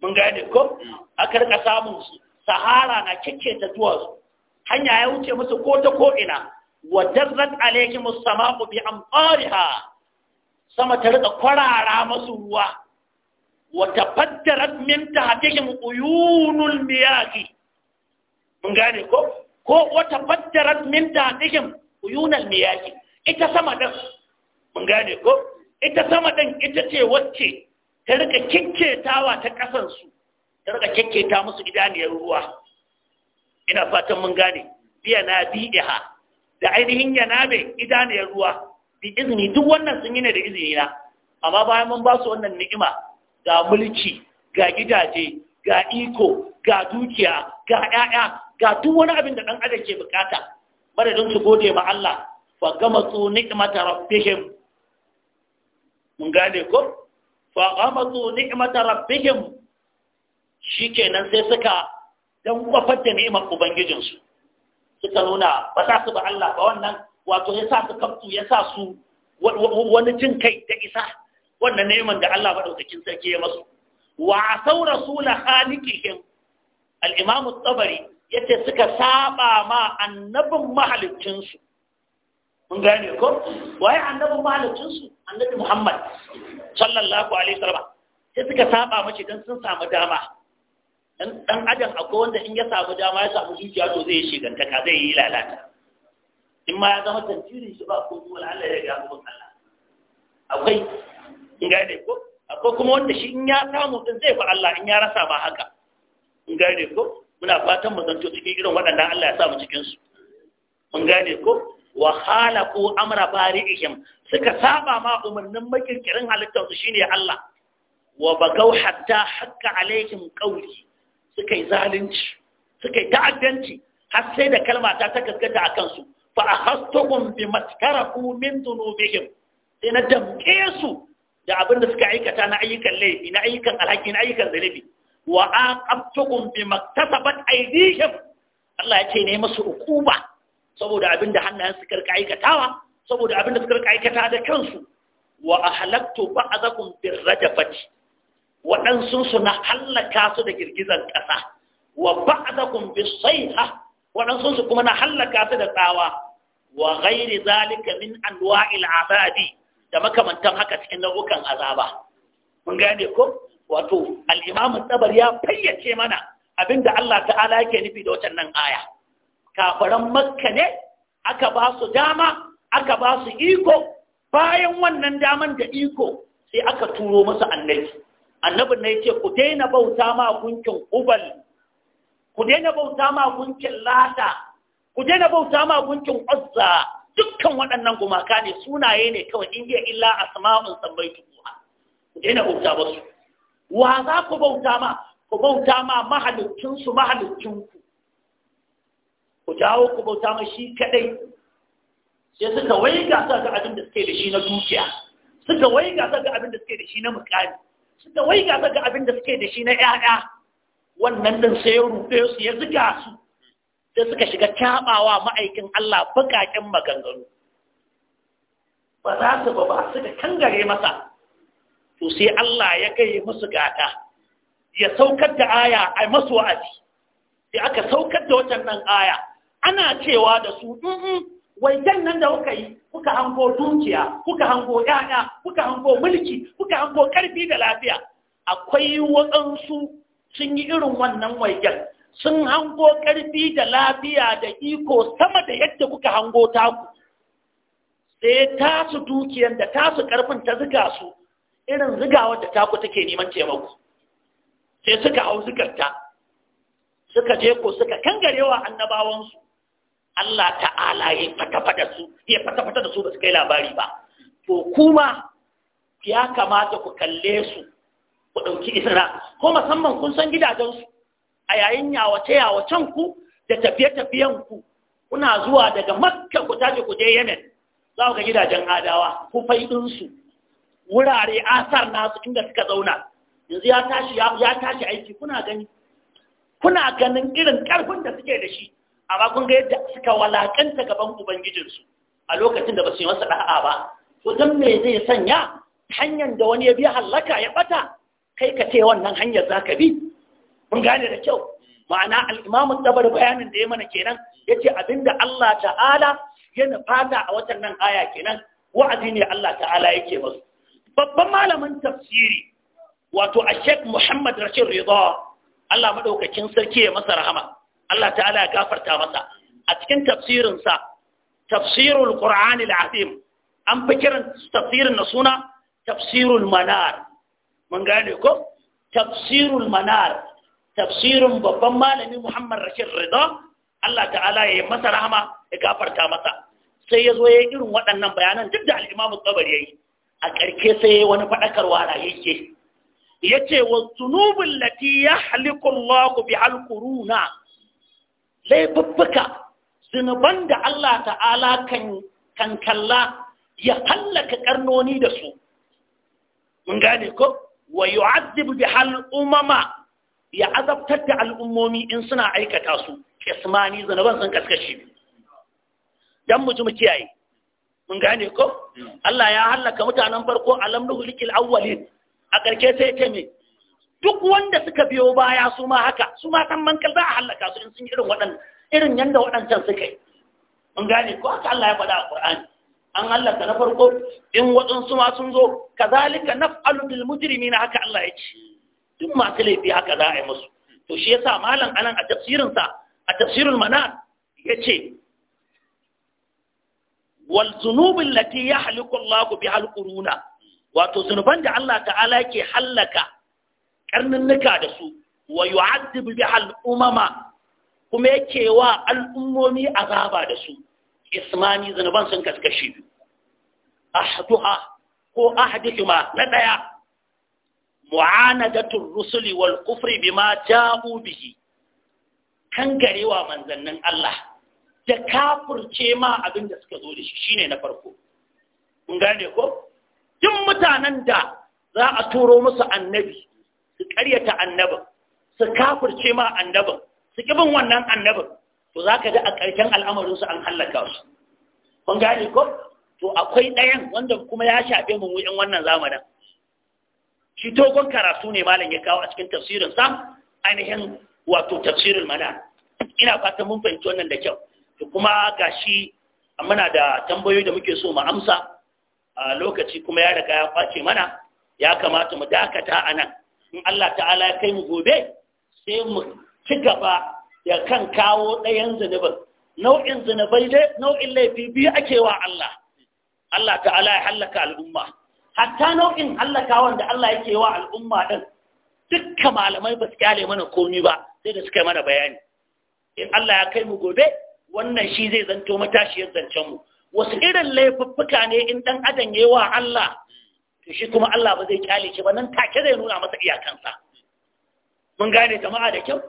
mun gane ko aka rika samun su sahara na kike ta duwatsu hanya ya wuce musu ko ta ko ina wa darrat alaikum as-sama'u bi amqariha sama ta rika kwarara masu ruwa wata faddara min tahtihim uyunul miyaki mun gane ko ko wata faddara min tahtihim uyunul miyaki ita sama din mun gane ko ita sama din ita ce wacce ta rika kikketawa ta kasan su ta rika kikketa musu idaniyar ruwa ina fatan mun gane biya na bi'iha da ainihin yana mai idaniyar ruwa bi izini duk wannan sun yi ne da izini na amma bayan mun ba su wannan ni'ima ga mulki ga gidaje ga iko ga dukiya ga 'ya'ya, ga duk wani abin da dan adam ke bukata madadin su gode ma Allah fa gama su ni'mata rabbihim mun gane ko fa gama su ni'mata rabbihim shikenan sai suka dan kwafar da ni'imar ubangijinsu suka nuna ba za su ba Allah ba wannan wato ya sa su kamtu ya sa su wani jin kai ta isa wannan neman da Allah maɗaukakin sarki ya masu wa asau rasula khaliqihim al-imam at-tabari yace suka saba ma annabin mahalicin su mun gane ko waye annabin mahalicin su annabi Muhammad sallallahu alaihi wasallam sai suka saba mace dan sun samu dama dan adam akwai wanda in ya samu dama ya samu zuciya to zai shigantaka zai yi lalata in ma ya zama tantirin shi ba ko zuwa Allah ya ga gaban Allah akwai in ga dai ko akwai kuma wanda shi in ya samu din zai fa Allah in ya rasa ba haka in ga dai ko muna fatan mu zanto cikin irin waɗannan Allah ya sa mu cikin su mun gane ko wa khalaqu amra bari'ihim suka saba ma umarnin makirkirin halittar su shine Allah wa bagau hatta hakka alaihim qawli suka yi zalunci suka yi ta'addanci har sai da kalma ta ta gaskata a kansu fa ahastuhum bi matkaraku min dhunubihim sai na damke su da abin da suka aikata na ayyukan laifi na ayyukan alhaki na ayyukan zalibi wa aqabtukum bi maktasabat aydihim Allah ya ce ne musu hukuma saboda abin da hannayen suka rika aikatawa saboda abin da suka rika aikata da kansu wa ahlaktu ba'dakum bir rajafati waɗansu su na hallaka su da girgizar ƙasa wa ba'dakum bis sayha waɗansu kuma na hallaka su da tsawa wa ghairi zalika min anwa'il azabi da makamantan haka cikin nau'ukan azaba mun gane ko wato al-imam ya fayyace mana abinda Allah ta'ala yake nufi da wannan aya kafaran makka ne aka ba su dama aka ba su iko bayan wannan daman da iko sai aka turo musu annabi annabin ne yake ku daina bauta ma gunkin ubal ku daina bauta ma gunkin lata ku daina bauta ma gunkin uzza dukkan waɗannan gumaka ne sunaye ne kawai in iya illa asma'un sammaitu tuha ku daina bauta ba su wa za ku bauta ma ku bauta ma mahalicin su mahalicin ku ku dawo ku bauta ma shi kadai sai suka wai gasa ga abin da suke da shi na dukiya suka wai gasa ga abin da suke da shi na mukami suka wai gasa ga abin da suke da shi na ƴaƴa wannan ɗin sai ya rufe su ya ziga su sai suka shiga cabawa ma'aikin Allah bukakin maganganu ba za su ba ba suka kangare masa to sai Allah ya kai musu gata ya saukar da aya a masu wa'azi sai aka saukar da wacan nan aya ana cewa da su wai nan da kuka yi kuka hango dukiya kuka hango yaya kuka hango mulki kuka hango karfi da lafiya akwai waɗansu sun yi irin wannan waigen sun hango ƙarfi da lafiya da iko sama da yadda kuka hango taku sai tasu dukiyar da tasu ƙarfin ta ziga su irin zigawar da taku take neman taimako sai suka hau ta suka je ko suka kangarewa annabawansu Allah ta'ala ya fata-fata su ya fata da su ba su kai labari ba to kuma ya kamata ku kalle su ku ɗauki izina ko musamman kun san gidajensu a yayin yawace-yawacen ku da tafiye-tafiyen ku kuna zuwa daga makka ku tashi ku je yemen za ku ga gidajen adawa ku su wurare asar nasu inda suka zauna yanzu ya tashi ya tashi aiki kuna gani kuna ganin irin karfin da suke da shi amma kun ga yadda suka walakanta gaban ubangijinsu a lokacin da ba su yi masa da'a ba to dan me zai sanya hanyar da wani ya bi hallaka ya bata kai ka ce wannan hanyar za ka bi mun gane da kyau ma'ana al'imamun dabar bayanin da ya mana kenan ya ce abinda Allah ta'ala ya nufata a watan nan aya kenan wa'azi ne Allah ta'ala yake masu babban malamin tafsiri wato a sheikh muhammad rashid rida Allah maɗaukakin sarki ya masa rahama Allah ta'ala ya gafarta masa a cikin tafsirinsa tafsirul qur'anil azim an fi kiran tafsirin na suna tafsirul manar mun gane ko tafsirul manar Tafsirun babban malami Muhammad Rashid Rida Allah ta'ala ya yi masa rahama ya gafarta masa sai ya zo ya yi irin waɗannan bayanan duk da al'imamu tsabar ya yi a ƙarke sai ya yi wani faɗakarwa da yake ya ce wa zunubin lati ya halikun laku bi halkuruna laifuffuka zunuban da Allah ta'ala kan kankalla ya hallaka karnoni da su mun gane ko wa yu'adhib bi umama ya azabtar da al'ummomi in suna aikata su ismani zanaban sun kaskashi dan mutum kiyaye mun gane ko Allah ya halaka mutanen farko alam nuhlikil awwalin a karke sai ce me duk wanda suka biyo baya su ma haka su ma san mankal za a halaka su in sun irin waɗannan irin yanda waɗancan suka yi mun gane ko haka Allah ya faɗa a Qur'ani an hallaka na farko in waɗansu ma sun zo kazalika naf'alu bil na haka Allah ya ce duk masu laifi haka za a yi musu to shi yasa malam anan a tafsirin sa a tafsirul manan yace wal zunubin lati yahliku Allah bi halquruna wato zunuban da Allah ta'ala ke hallaka karnannuka da su wa yu'adhibu bi al umama kuma yake wa al'ummomi azaba da su ismani zanuban sun kaskashi ahduha ko ahdithuma na daya mu'anadatul rusuli wal kufri bima ja'u bihi kangarewa manzannin Allah da kafurce ma abin da suka zo da shi shine na farko kun gane ko duk mutanen da za a turo musu annabi su karyata annabin su kafurce ma annabin su kibin wannan annabin to za ka ga a ƙarshen al'amarinsu an hallaka su kun gane ko to akwai ɗayan wanda kuma ya shafe mu yan wannan zamanin shi Togon karatu ne malam ya kawo a cikin tafsirin sa ainihin wato tafsirin mana ina fatan mun fahimci wannan da kyau to kuma gashi muna da tambayoyi da muke so mu amsa a lokaci kuma ya riga ya kwace mana ya kamata mu dakata a nan in Allah ta'ala ya kai mu gobe sai mu ci gaba ya kan kawo ɗayan zunubin nau'in zunubai dai nau'in laifi biyu ake wa Allah Allah ta'ala ya hallaka al'umma hatta nau'in hallaka wanda Allah yake wa al'umma din dukkan malamai ba su kyale mana komi ba sai da suka yi mana bayani in Allah ya kai mu gobe wannan shi zai zanto matashiyar zancen mu wasu irin laifuffuka ne in dan adam yayi wa Allah to shi kuma Allah ba zai kyale shi ba nan take zai nuna masa iyakansa mun gane jama'a da kyau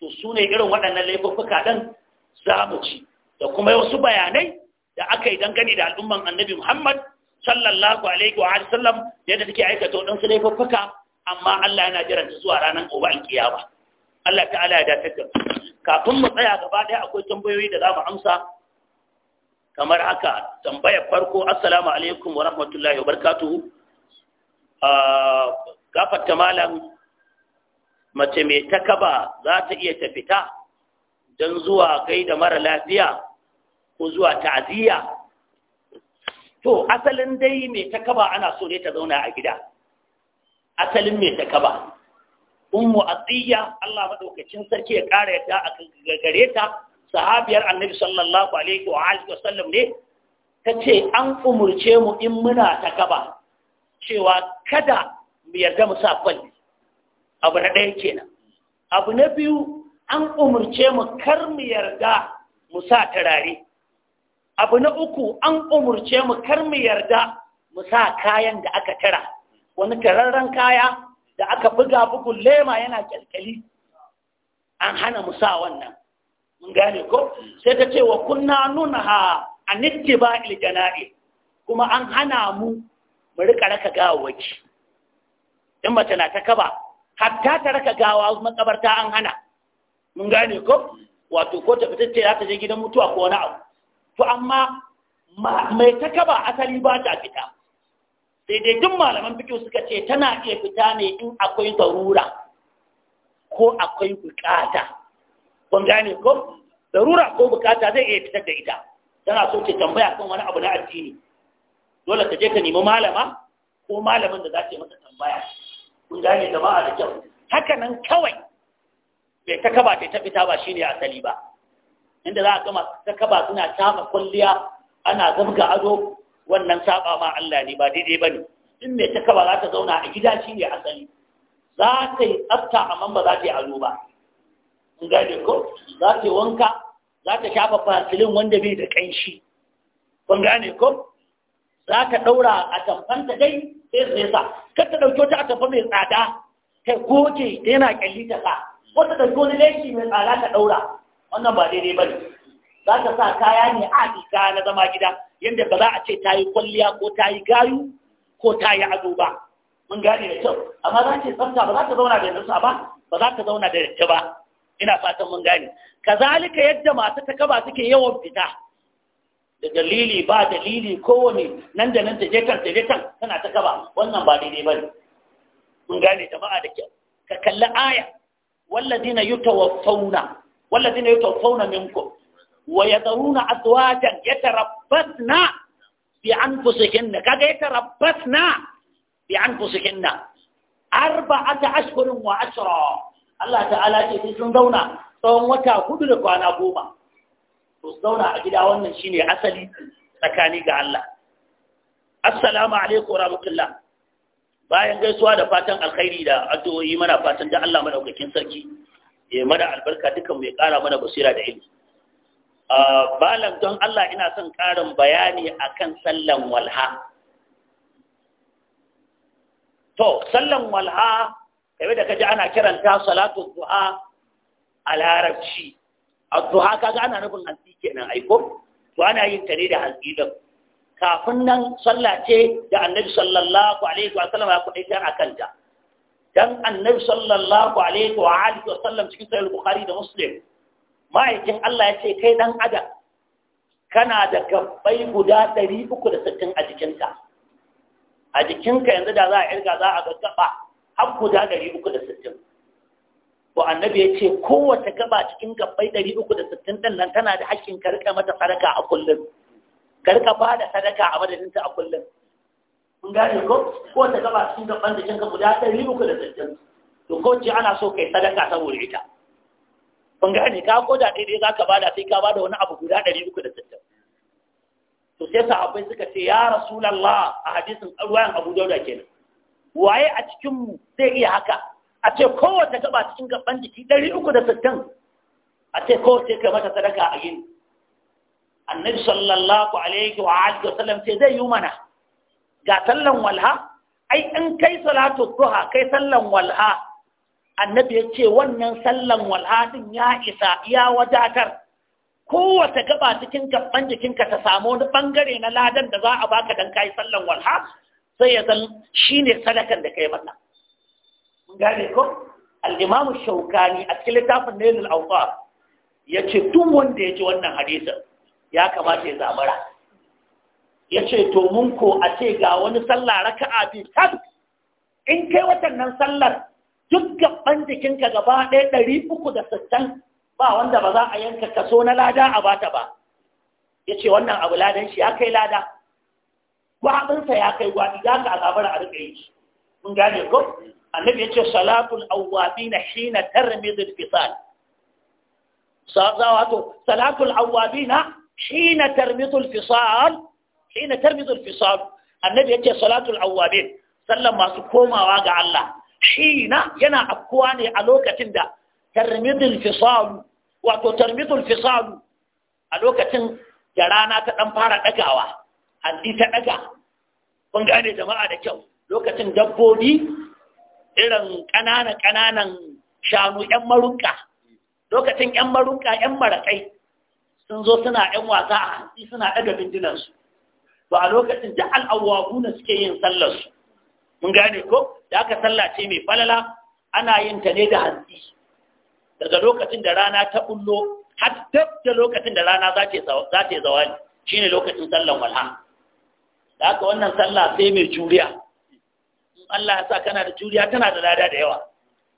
to su ne irin waɗannan laifuffuka ɗan za mu ci da kuma wasu bayanai da aka yi dangane da al'umman annabi muhammad sallallahu alaihi wa sallam yadda take aikata waɗansu laifuffuka amma Allah yana jiran zuwa ranar gobe alkiyama Allah ta'ala ya dace da kafin mu tsaya gaba ɗaya akwai tambayoyi da za mu amsa kamar haka tambayar farko assalamu alaikum wa rahmatullahi wa barakatuhu ah, gafarta malam mace mai takaba za ta iya ta fita don zuwa kai da mara lafiya ko zuwa ta'aziyya to asalin dai mai takaba ana so ne ta zauna a gida asalin mai takaba ummu atiya Allah madaukakin sarki ya kare ta a gare ta sahabiyar annabi sallallahu alaihi wa alihi wasallam ne tace an umurce mu in muna takaba cewa kada mu yarda mu sa kwalli abu na ɗaya kenan abu na biyu an umarce mu kar mu yarda mu sa turare abu na uku an umarce mu kar mu yarda mu sa kayan da aka tara wani tararren kaya da aka buga bugun lema yana kyalkyali an hana mu sa wannan mun gane ko sai ta ce wa kunna nuna ha a nittiba iljana'i kuma an hana mu mu rika raka gawawaki in mace na ta kaba hatta ta raka gawa makabarta an hana mun gane ko wato ko ta fitacce za ta je gidan mutuwa ko wani abu to amma mai takaba asali ba ta fita sai dai duk malaman fikiyu suka ce tana iya fita ne in akwai zarura ko akwai bukata kun gane ko zarura ko bukata zai iya fitar da ita tana so ce tambaya kan wani abu na addini dole ka je ka nemi malama ko malamin da za ta yi masa tambaya kun gane jama'a da kyau haka nan kawai bai ta kaba ta fita ba shine asali ba inda za a gama ta kaba suna tafa kulliya ana zabga ado wannan saba ma Allah ne ba daidai bane in mai ta kaba za ta zauna a gida shine asali za ta yi tsafta amma ba za ta yi ado ba kun gane ko za ta wanka za ta shafa fasilin wanda bai da kanshi kun gane ko za ka ɗaura a tamfanta dai sai sai sa kar ta ɗauki wata a tamfa mai tsada Ta goge da yana kyalli ta sa wata ɗauki wani laifi mai tsada ta ɗaura wannan ba daidai ba ne za ka sa kaya ne a kaya na zama gida yadda ba za a ce ta yi kwalliya ko ta yi gayu ko ta yi ado ba mun gane da kyau amma za ce tsafta ba za ka zauna da yanzu ba ba za ka zauna da datti ba ina fatan mun gane kazalika yadda masu takaba suke yawan fita da dalili ba dalili kowane nan da nan ta je kan ta je kan tana ta gaba wannan ba daidai bane mun gane jama'a da kyau ka kalli aya walladina yutawaffawna walladina yutawaffawna minkum wa yadhuruna azwajan yatarabbasna bi anfusihinna kaga yatarabbasna bi anfusihinna arba'ata ashhurin wa ashra Allah ta'ala ce sun zauna tsawon wata hudu da kwana goma to zauna a gida wannan shine asali tsakani ga Allah assalamu alaikum rahmatullah bayan gaisuwa da fatan alkhairi da addu'o'i mana fatan da Allah madaukakin sarki ya mana albarka dukan mai ƙara mana basira da ilimi balan don Allah ina son ƙarin bayani akan sallan walha to sallan walha kai da kaji ana kiranta salatu duha a larabci az haka kaga ana nufin hantsi kenan aiko to ana yin tare da hantsi din kafin nan sallah ce da annabi sallallahu alaihi wa sallam ya kudaitar akan ta dan annabi sallallahu alaihi wa alihi wa sallam cikin sahih bukhari da muslim ma'aikin Allah ya ce kai dan adam kana da gabbai guda 360 a jikinka a jikinka yanzu da za a irga za a ga gaba har guda 360 to annabi ya ce kowace gaba cikin gabbai 360 ɗin nan tana da haƙƙin ka mata sadaka a kullum ka ba da sadaka a madadin ta a kullum kun gane ko kowace gaba cikin gabban da ka guda 360 to ko ce ana so kai sadaka saboda ita kun gane ka ko da daidai ka bada sai ka bada wani abu guda 360 to sai sahabbai suka ce ya rasulullah a hadisin ruwayan abu dauda kenan waye a cikin mu zai iya haka a ce kowace gaba cikin gaban jiki ɗari uku da sittin a ce kowace kai mata sadaka a yin annabi sallallahu alaihi wa alihi wa sallam ce zai yi mana ga sallan walha ai in kai salatu duha kai sallan walha annabi ya ce wannan sallan walha din ya isa ya wadatar kowace gaba cikin gaban jikinka ta samu wani bangare na ladan da za a baka dan kai sallan walha sai ya san shine sadakan da kai mata gane ko al-imam shaukani a cikin littafin nailul awqa yace duk wanda yaji wannan hadisin ya kamata ya zabara yace to mun ko a ce ga wani sallah raka'a bi tas in kai watannan sallar duk gaban jikinka gaba ɗaya ɗari uku da sittin ba wanda ba za a yanka kaso na lada a bata ba yace wannan abu ladan shi ya kai lada gwaɗinsa ya kai gwaɗi za ka a zabara a riƙe shi mun gane ko annabi ya ce salatul awwabina hina tarmidul fisal wato salatul awwabina hina tarmidul fisal hina tarmidul fisal annabi ya salatul awwabin sallan masu komawa ga Allah hina yana afkuwa ne a lokacin da tarmidul fisal wato tarmidul fisal a lokacin da rana ta dan fara dagawa haddi ta daga kun gane jama'a da kyau lokacin dabbobi irin ƙananan ƙananan shanu ‘yan marunka lokacin ‘yan marunka ‘yan marakai sun zo suna ‘yan wasa a hantsi suna ɗaga bindinansu Ba a lokacin da na suke yin sallarsu mun gane ko da aka sallace mai falala ana yin ta ne da hantsi daga lokacin da rana ta ɓullo, har da lokacin da rana za ta yi zawani shine lokacin sallan walha da aka wannan sallah sai mai juriya Allah ya sa kana da juriya tana da lada da yawa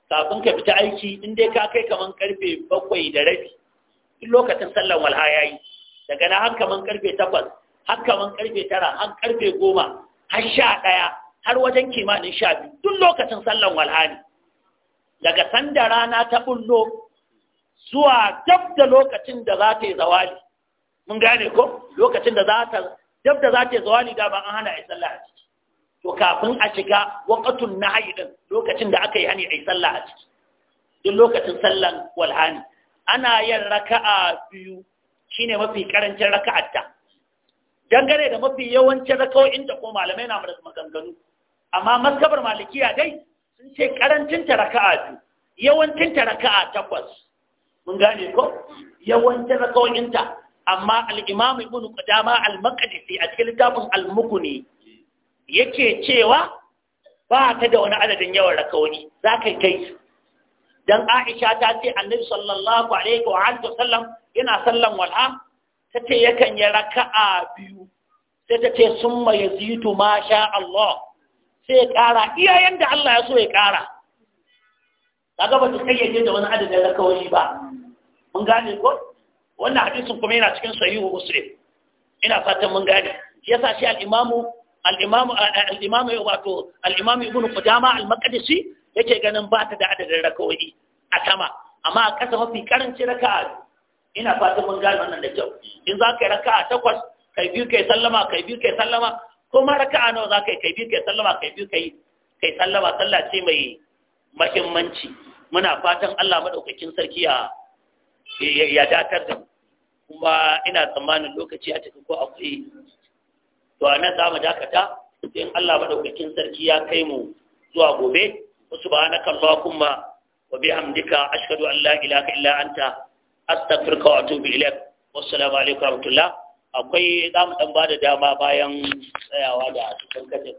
kafin ka fita aiki in dai ka kai kaman karfe bakwai da rabi in lokacin sallan walha ya yi daga na har kaman karfe takwas har kaman karfe tara har karfe goma har sha ɗaya har wajen kimanin sha biyu duk lokacin sallan walha ne daga sanda rana ta bullo zuwa dab da lokacin da za ta yi zawali mun gane ko lokacin da za ta dab da za ta yi zawali da ba an hana a yi sallah a ciki to kafin a shiga waƙatun nahyi din lokacin da aka yi hani ai sallah a ciki duk lokacin sallan walhani ana yin raka'a biyu shine mafi karancin raka'ar ta dangane da mafi yawancin raka'o'in da ko malamai na da maganganu amma maskabar malikiya dai sun ce karancin ta raka'a biyu yawancin ta raka'a takwas mun gane ko yawancin raka'o'in ta amma al-imam ibnu qudama al-maqdisi a cikin littafin al mukni yake cewa ba ta da wani adadin yawan rakauni za ka kai don Aisha ta ce Annabi sallallahu alaihi wa alihi sallam yana sallan wal'a ta ce yakan yi raka'a biyu sai ta ce summa yazitu ma sha Allah sai ya kara iya yanda Allah ya so ya kara kaga ba ta kayyade da wani adadin rakauni ba mun gane ko wannan hadisin kuma yana cikin sahihu muslim ina fatan mun gane yasa shi al-imamu al-imam wato al-imam ibn qudama al-maqdisi yake ganin ba ta da adadin rakawai a sama amma a ƙasa mafi karanci raka'a ina fatan mun gane wannan da kyau in za ka yi raka'a takwas kai biyu kai sallama kai biyu kai sallama ko ma raka'a nawa za ka yi kai biyu kai sallama kai biyu kai kai sallama sallah ce mai mahimmanci muna fatan Allah madaukakin sarki ya ya datar da kuma ina tsammanin lokaci a cikin ko akwai to a nan za mu dakata in Allah madaukakin sarki ya kai mu zuwa gobe subhanaka allahumma wa bihamdika ashhadu an la ilaha illa anta astaghfiruka wa atubu ilaik wassalamu alaikum wa rahmatullah akwai za mu dan bada dama bayan tsayawa da cikin kace